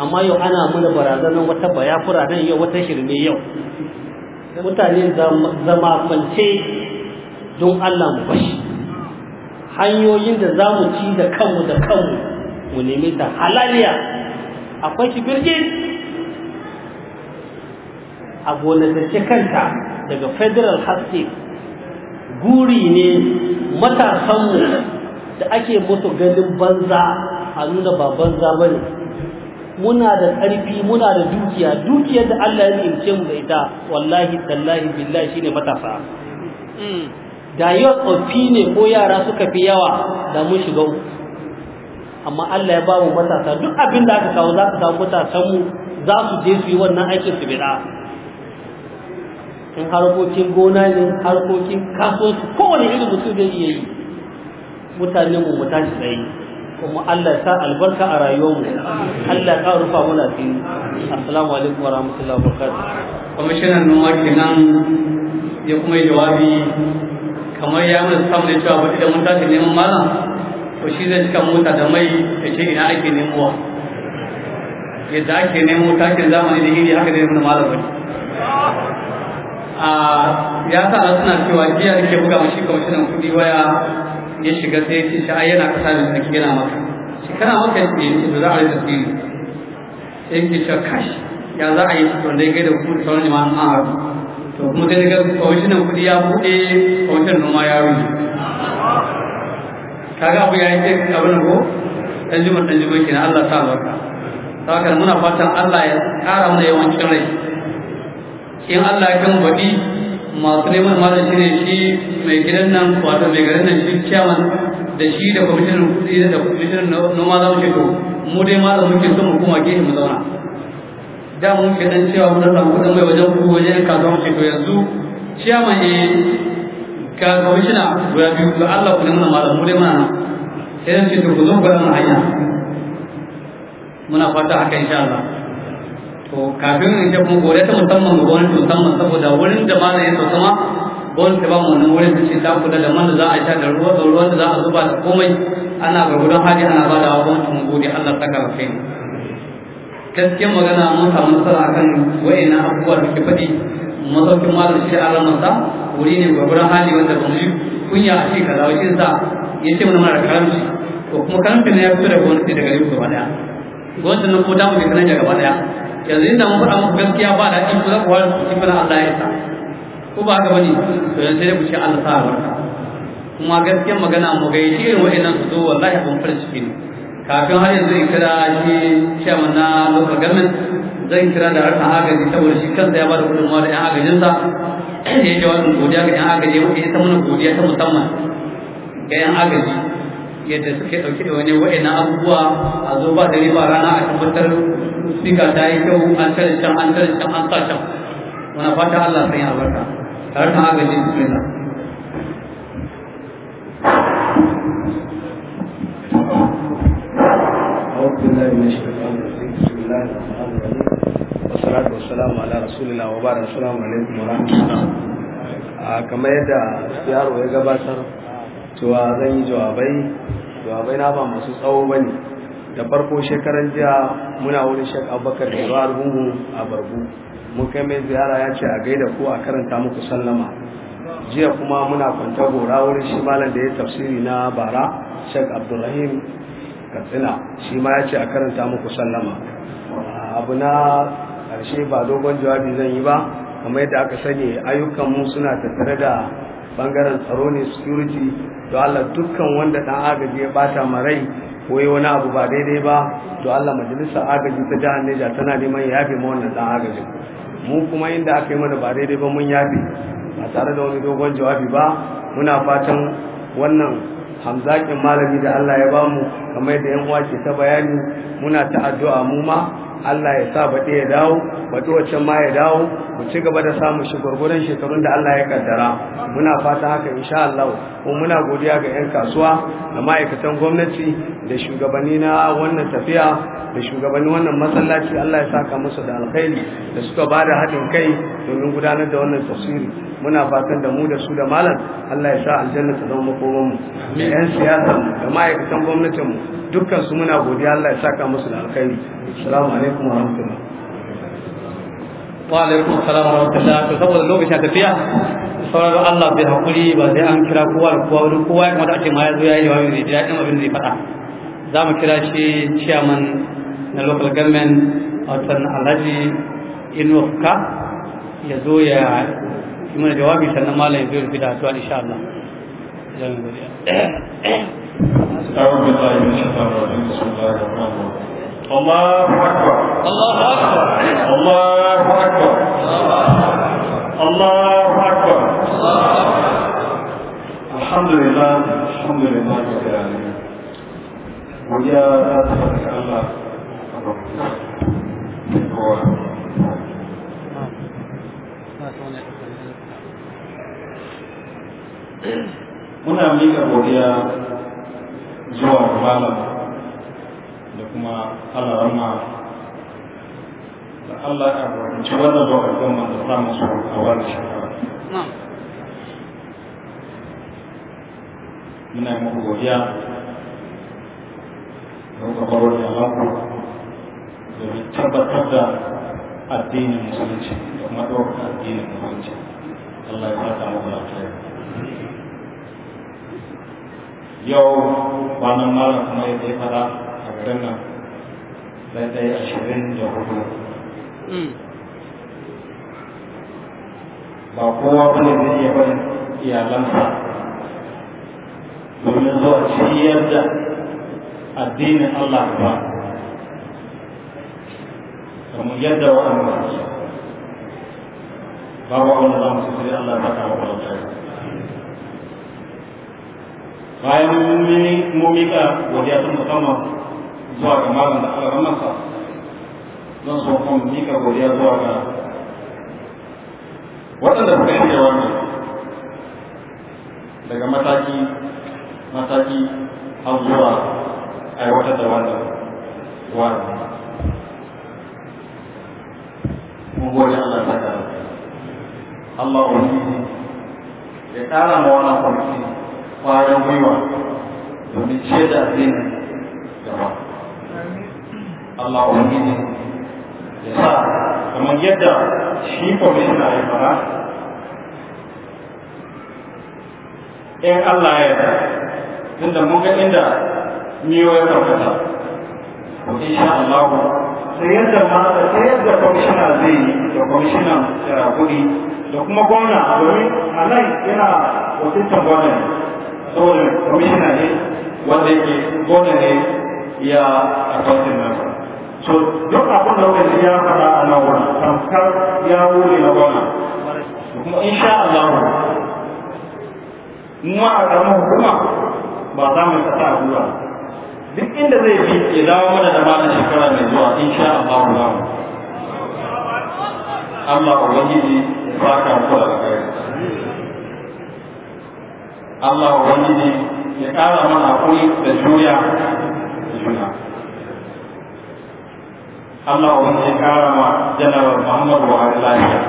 amma yau ana muna barazanar wata bayafura nan yau wata shirme yau mutane zama kwance don Allah mu bashi hanyoyin da za mu ci da kanmu da kanmu mu nemi ta halaliya akwai kibirgin a gonatace kanta daga federal haske guri ne matasanmu da ake mutu ganin banza a nuna ba banza ba ne muna da ƙarfi muna da dukiya dukiyar da Allah ya nimce mu da ita wallahi tallahi billahi shine matasa hmm. da yau tsofi ne ko yara suka fi yawa da mun shiga amma Allah ya ba mu matasa duk abin da aka kawo za su samu matasanmu za su je su yi wannan aikin su bida in harkokin gona ne harkokin kasuwanci kowane irin mutum zai iya yi mutane mu mutan shi tsaye kuma Allah ya sa albarka a rayuwarmu Allah ya ƙara rufa mana fi assalamu alaikum wa rahmatullahi wa barakatuh kwamishinan noma kenan ya kuma yi jawabi kamar ya mun samu da cewa ba da mun tashi neman malam to shi zai cika mota da mai ya ce ina ake nemowa yadda ake nemo takin zamani da iri haka ne mun malam bane ya sa suna cewa jiya da ke buga mashi shirin kudi waya ya shiga sai ce shi ai yana kasa da suke yana maka shi kana maka ya ce da za a yi tasiri sai ke cewa kashi ya za a yi wanda ya gaida ku da sauran limanin ma'ar to kuma sai daga kwamishinan kudi ya buɗe kwamishinan noma ya rufe kaga abu ya yi ce abin ko dan jima dan jima kenan Allah sa barka saboda muna fatan Allah ya ƙara mana yawancin rai in Allah kan baɗi masu neman malam shi ne shi mai gidan nan wato mai garin nan shi chairman da shi da kwamishinan kuɗi da kwamishinan noma za mu shekaru mu dai malam muke son mu ke gehe mu zauna da mun ke dan cewa mun samu kuɗin mai wajen ku wajen kasuwa mu ce to yanzu chairman ne ka kwamishina guda biyu ga Allah ku nuna malam mu dai ma sai ce to ku zo ku ga hanya muna fata haka insha Allah to kafin in ce kuma gore ta musamman ga gwamnati musamman saboda wurin da ba na yin sosoma gwamnati ba mu wannan wurin da ce ta kula da man da za a sha da ruwa da ruwan da za a zuba da komai ana gargudan hali ana ba da gwamnati mu gode Allah saka rafe ni gaskiyar magana mun samu nasara akan wayannan abubuwa da ke faɗi masaukin malam shi a ranar ramarsa wuri ne gwagwaran hali wanda ba mu yi kunya a ce kaza wajen sa ya ce mana mara karamci to kuma karamci ne ya fito da gwamnati daga yau gaba daya gwamnati na ko ta mu bai kanan gaba daya yanzu inda mun faɗa muku gaskiya ba da in kula kuwa cikin mana Allah ya sa ko ba haka bane to yanzu sai ku ce Allah sa barka kuma gaskiyar magana mu ga yace irin wa'annan su zo wallahi ban fara ciki ne kafin har yanzu in kira shi chairman na local government zan kira da harkar agaji saboda shi kansa ya ba da gudunmawa da 'yan agajinsa da ya wannan godiya ga 'yan agaji wanda ya ta mana godiya ta musamman ga 'yan agaji yadda suke ɗauke da wani wa'annan abubuwa a zo ba dare ba rana a tabbatar fika ta yi kyau an tare can an tare can an sa can muna fata Allah sai ya albarka tare da agajin bismillah أعوذ بالله من الشيطان الرجيم بسم الله ya الرحيم kamar yadda yaro ya gabatar cewa zan yi jawabai jawabai na ba masu tsawo bane da farko shekaran jiya muna wani shek abubakar ruwa hungu a barbu mun kai mai ziyara ya ce a gaida ko a karanta muku sallama jiya kuma muna kwanta gora wurin shi malam da ya tafsiri na bara shek abdulrahim katsina shi ma ya ce a karanta muku sallama abu na ƙarshe ba dogon jawabi zan yi ba kamar yadda aka sani ayyukan mu suna tattare da bangaren tsaro ne security to Allah dukkan wanda dan agaji ya bata marai ko wani abu ba daidai ba to Allah majalisar agaji ta jihar Neja tana neman ya yafe ma wannan dan agaji mu kuma inda aka yi mana ba daidai ba mun yafe ba tare da wani dogon jawabi ba muna fatan wannan hamzakin malami da Allah ya bamu kamar yadda yan uwa ke ta bayani muna ta addu'a mu ma Allah ya sa baɗe ya dawo baɗe waccan ma ya dawo mu ci gaba da samun shi gwargwadon shekarun da Allah ya kaddara muna fata haka insha Allah kuma muna godiya ga 'yan kasuwa da ma'aikatan gwamnati da shugabanni na wannan tafiya da shugabanni wannan masallaci Allah ya saka musu da alkhairi da suka ba da haɗin kai domin gudanar da wannan tafsiri muna fatan da mu da su da malam Allah ya sa aljanna ta zama makomanmu mu da 'yan siyasa da ma'aikatan gwamnatinmu, mu dukkan su muna godiya Allah ya saka musu da alkhairi assalamu alaikum wa rahmatullah wa alaikum assalam wa rahmatullah to lokacin tafiya sauraron Allah bai hakuri ba sai an kira kowa da kowa wani kowa kuma da ake ma ya zo ya yi jawabi faɗa za mu kira shi chairman na local government watan alhaji inuka ya zo ya yi mana jawabi sannan malam ya zo ya fi بالله من الشيطان الرجيم بسم الله الرحمن الرحيم الله أكبر الله أكبر الله أكبر الله أكبر الحمد لله الحمد لله رب العالمين ويا أسفك الله muna miƙa godiya zuwa malam da kuma alarama da Allah ya barci wannan lokacin man da samun su a wannan shekara. Muna yi muku godiya don alaƙa domin tabbatar da addinin musulunci da kuma ɗaukar addinin musulunci. Allah ya fata lafiya. Yau kwanan malam kuma ya fada takardar nan sai ashirin da hudu mm. ba kowa bane zai iya barin iyalansa domin zuwa ciyar da addinin Allah ba kamar yadda wa'anda babu wanda za mu ci sai Allah ta kawo kwalata bayan mun miƙa godiya ta musamman zuwa ga malam da Allah ramansa don so kuma mika godiya zuwa ga waɗanda suka shirya wannan daga mataki mataki har zuwa aiwatar da wannan wani mun gode Allah ta kara Allah ubangiji ya kara ma wannan kwamiti kwarin gwiwa domin ce da addinin gaba Allah ubangiji ya sa kamar yadda shi kwamishina ya fara in Allah ya yarda tunda mun ga inda miyo ya karkata to insha Allah sai yadda ma sai yadda kwamishina zai yi da kwamishina eh, kuɗi da kuma gwamna domin a nan yana wakiltar gwamna ne saboda kwamishina ne wanda yake gwamna ne ya akwatin nasa so duk abin da wani ya fara a nan wani tamkar ya wuri na gona kuma in insha Allah mu a ƙaramin hukuma ba za mu ta sa zuwa duk inda zai bi ya dawo mana da malam shekara mai zuwa in insha Allah za mu Allah ubangiji ba ka mu da kai Allah ubangiji ya ƙara mana hakuri da juriya da juna Allah wani ya kara ma janarar Muhammad Buhari lafiya.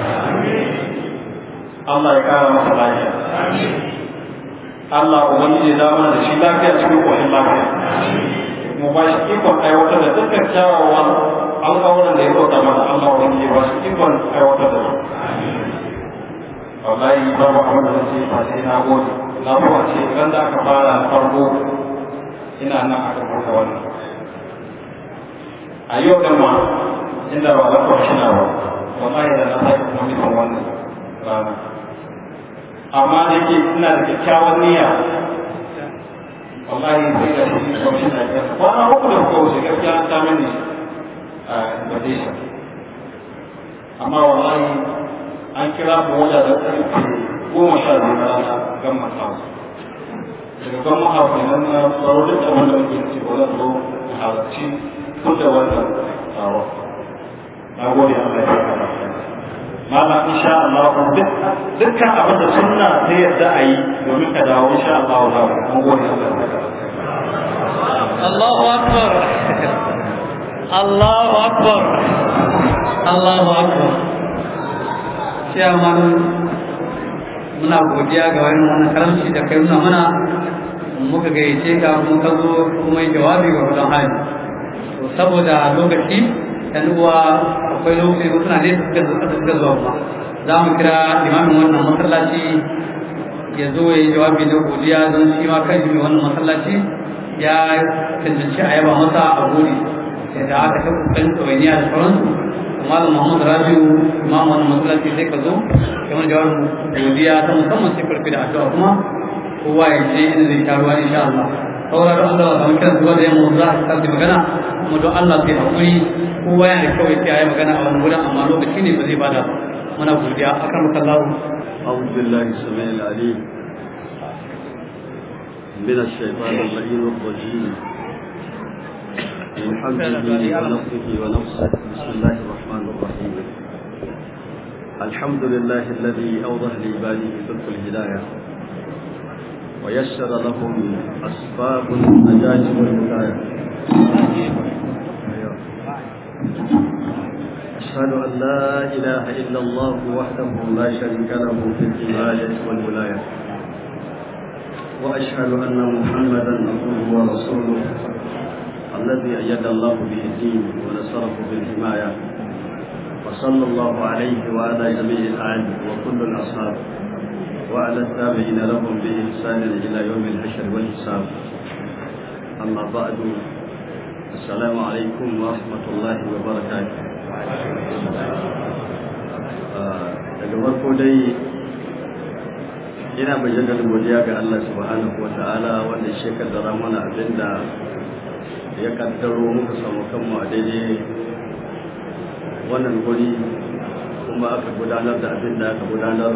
ya kara masa lafiya. Allah wani ya dama da shi lafiya cikin ƙoshin lafiya. Mu ba shi ikon aiwatar da dukkan kyawawan da ya ba shi da ba sai na gode. Na ce idan da aka fara farko ina nan aka buɗe wannan. a yau da ma inda ba za ku ba wallahi da na sake kuma nufin wannan rana amma da ke ina da kyakkyawan niyya wallahi sai da shi na ya kwana uku da kuka wuce gaskiya an samu ne a indonesia amma wallahi an kira mu wajen da ƙarfe goma sha biyu na rana gan masawa daga gan nan na tsaro duk da muke ci ba zan zo kulla wannan tsawo na gode Allah ya saka mama insha Allah dukkan abin da sunna ta yarda a yi domin ka dawo in sha Allah za mu an gode Allah ya saka Allahu akbar Allahu akbar Allahu akbar man muna godiya ga wani wannan karamci da kai muna mana muka gayyace ka mun ka zo kuma jawabi ga wannan hali saboda lokaci ɗan uwa akwai lokaci mutuna ne suka zuwa ba za mu kira limamin wannan masallaci ya zo ya yi jawabi na godiya don shi ma kan shi wannan masallaci ya kanjanci a yaba masa a gori da aka ta kokarin tsawaniya da sauransu malam muhammad rabiu imam wannan masallaci sai ka zo ya wani jawabi godiya ta musamman sai karfi da addu'a kuma kowa ya je inda zai taruwa insha Allah sauraro Allah ba mu zuwa da yamma za a sake magana kuma don Allah sai hakuri kowa yana da kawai sai a yi magana a wani wurin amma lokaci ne ba zai bada mana godiya a kan أعوذ بالله السميع العليم من الشيطان اللعين الرجيم من حمده ونفسه ونفسه بسم الله الرحمن الرحيم الحمد لله الذي أوضح لعباده سلك الهداية ويسر لهم أسباب النجاة والهداية أشهد أن لا إله إلا الله وحده لا شريك له في الإمالة والولاية وأشهد أن محمدا عبده ورسوله الذي أيد الله به الدين ونصره بالحماية وصلى الله عليه وعلى جميع الآل وكل الأصحاب وعلى التابعين لهم بإحسان إلى يوم الحشر والحساب أما بعد السلام عليكم ورحمة الله وبركاته daga farko dai ina bayyana godiya ga Allah subhanahu wa ta'ala wanda shi kaddara mana abin da ya kaddaro muka samu kanmu a daidai wannan guri kuma aka gudanar da abin da aka gudanar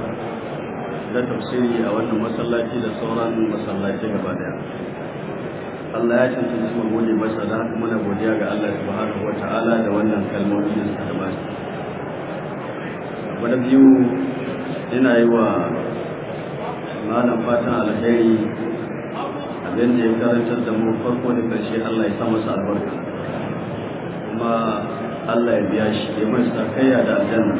da tafsiri a wannan masallaci da sauran masallaci gaba daya Allah ya cancanci mu gode masa da haka muna godiya ga Allah subhanahu wata'ala da wannan kalmomi da suka shi wani biyu yana yi wa malam fatan alheri abin da ya karantar da mu farko da karshe Allah ya sa albarka kuma Allah ya biya shi ya mai sakayya da aljanna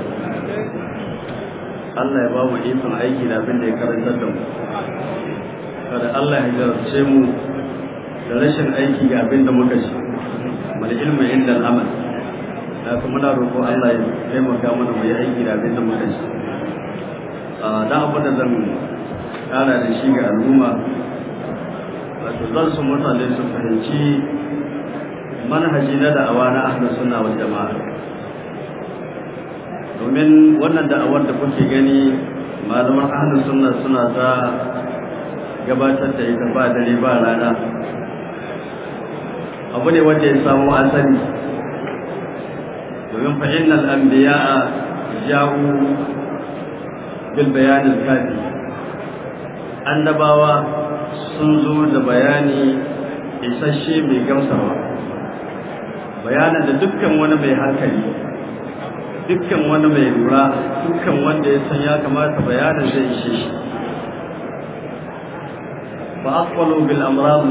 Allah ya ba mu ikon aiki da abin da ya karanta da mu kada Allah ya jarabce mu da rashin aiki ga abin da muka ci mal ilmi inda al'amal da kuma na roƙo Allah ya taimaka mana mu yi aiki da abin da muka ci a da abu da zan kara da shi ga al'umma wato zan su mutane su fahimci manhaji na da'awa na ahlus sunna wal jama'a domin wannan da'awar da kuke gani malaman ahlus sunna suna za gabatar da ita ba dare ba rana abu ne wanda ya samu asali domin fa innal a ja'u bil bayan al annabawa sun zo da bayani isasshe mai gamsarwa bayanin da dukkan wani mai hankali dukkan wani mai lura dukkan wanda ya san ya kamata bayanin zai ishe shi Ba a kwalo bil amrad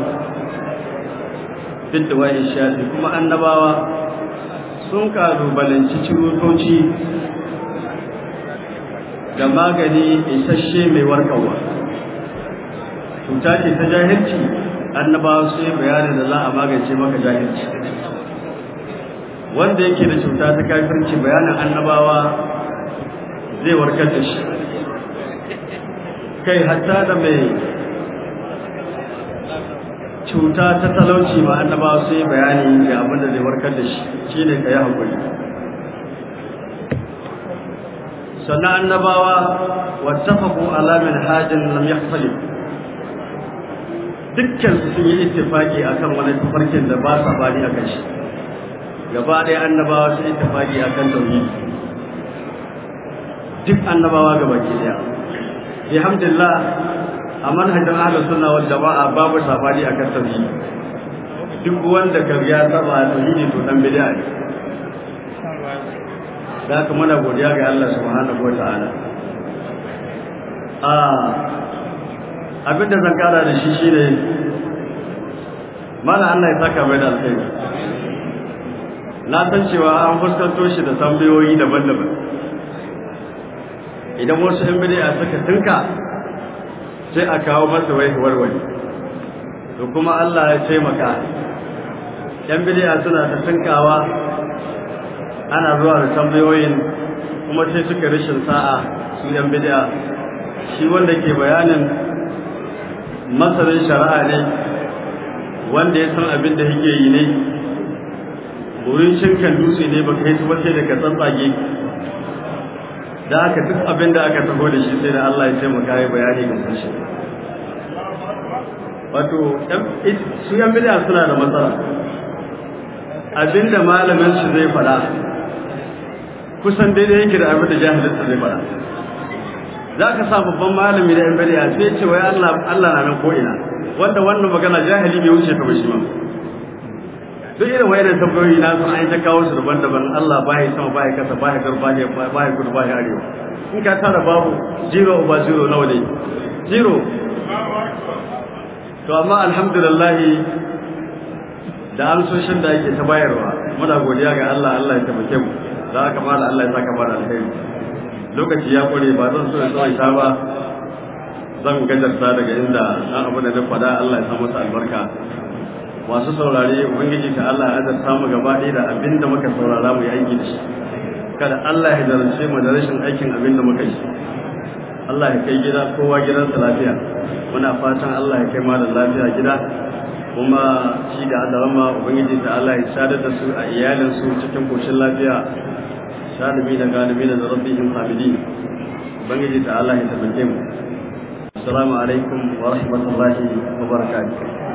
da wani shafi kuma annabawa sun kalubalanci ciwotoci da magani isasshe mai warkarwa cuta ce ta jahilci annabawa sai bayanin da za a magance maka jahilci wanda yake da cuta ta kafirci bayanin annabawa zai warkar da shi kai hatta da mai cuta ta talauci ba annabawa su yi bayani ga abin da zai warkar da shi shi ne ka yi haƙuri sannan annabawa wattafaku ala alamin hajin lam fali dukkan sun yi ittifaki akan wani tafarkin da ba sa a kan shi gaba ɗaya annabawa sun yi tafari a kan tauhidi duk annabawa gaba ke ɗaya alhamdulillah a manhajar ahlus sunna wal jama'a babu safari a kan tauhidi duk wanda ka ya saba tauhidi to dan bid'a ne da ka muna godiya ga Allah subhanahu wa ta'ala a ah, abinda zan kara da shi shine mana Allah ya saka mai da alheri na san cewa an fuskanto shi da tambayoyi daban-daban idan wasu yan bidiya suka tunka sai a kawo masa wai warware to kuma Allah ya taimaka yan bidiya suna ta tunkawa ana zuwa da tambayoyin kuma sai suka rishin sa'a su yan bidiya shi wanda ke bayanin masarin shari'a ne wanda ya san abin da yake yi ne gurin shirkan dutse ne ba kai tuba sai da tsantsage da aka duk abin da aka taho da shi sai da Allah ya taimaka ya bayani ga shi wato su yan bid'a suna da matsala abinda malamin shi zai fada kusan daidai yake da abin da jahilin zai fada za ka sa babban malami da yan bid'a sai ce wai Allah Allah na nan ko ina wanda wannan magana jahili bai wuce ta ba shi duk irin wayannan tambayoyi na sun an ta kawo su daban-daban Allah ba ya sama baya kasa baya garba ne baya kudu ya arewa in ka tara babu zero ba zero nawa ne zero to amma alhamdulillah da amsoshin da ake ta bayarwa muna godiya ga Allah Allah ya tabbake mu a ka mala Allah ya saka mana alheri lokaci ya kure ba zan so ya ta ba zan gajarta daga inda na abu da na faɗa Allah ya samu albarka masu saurare ubangiji ta Allah ya azarta mu gaba ɗaya da abin da muka saurara mu yi aiki da shi kada Allah ya zarce mu da rashin aikin abin da muka yi Allah ya kai gida kowa sa lafiya muna fatan Allah ya kai malam lafiya gida kuma shi da azarama ubangiji ta Allah ya sadar da su a iyalinsu cikin koshin lafiya shalibi da galibi da rabbihim hamidin ubangiji ta Allah ya tabbake mu assalamu alaikum wa rahmatullahi wa barakatuh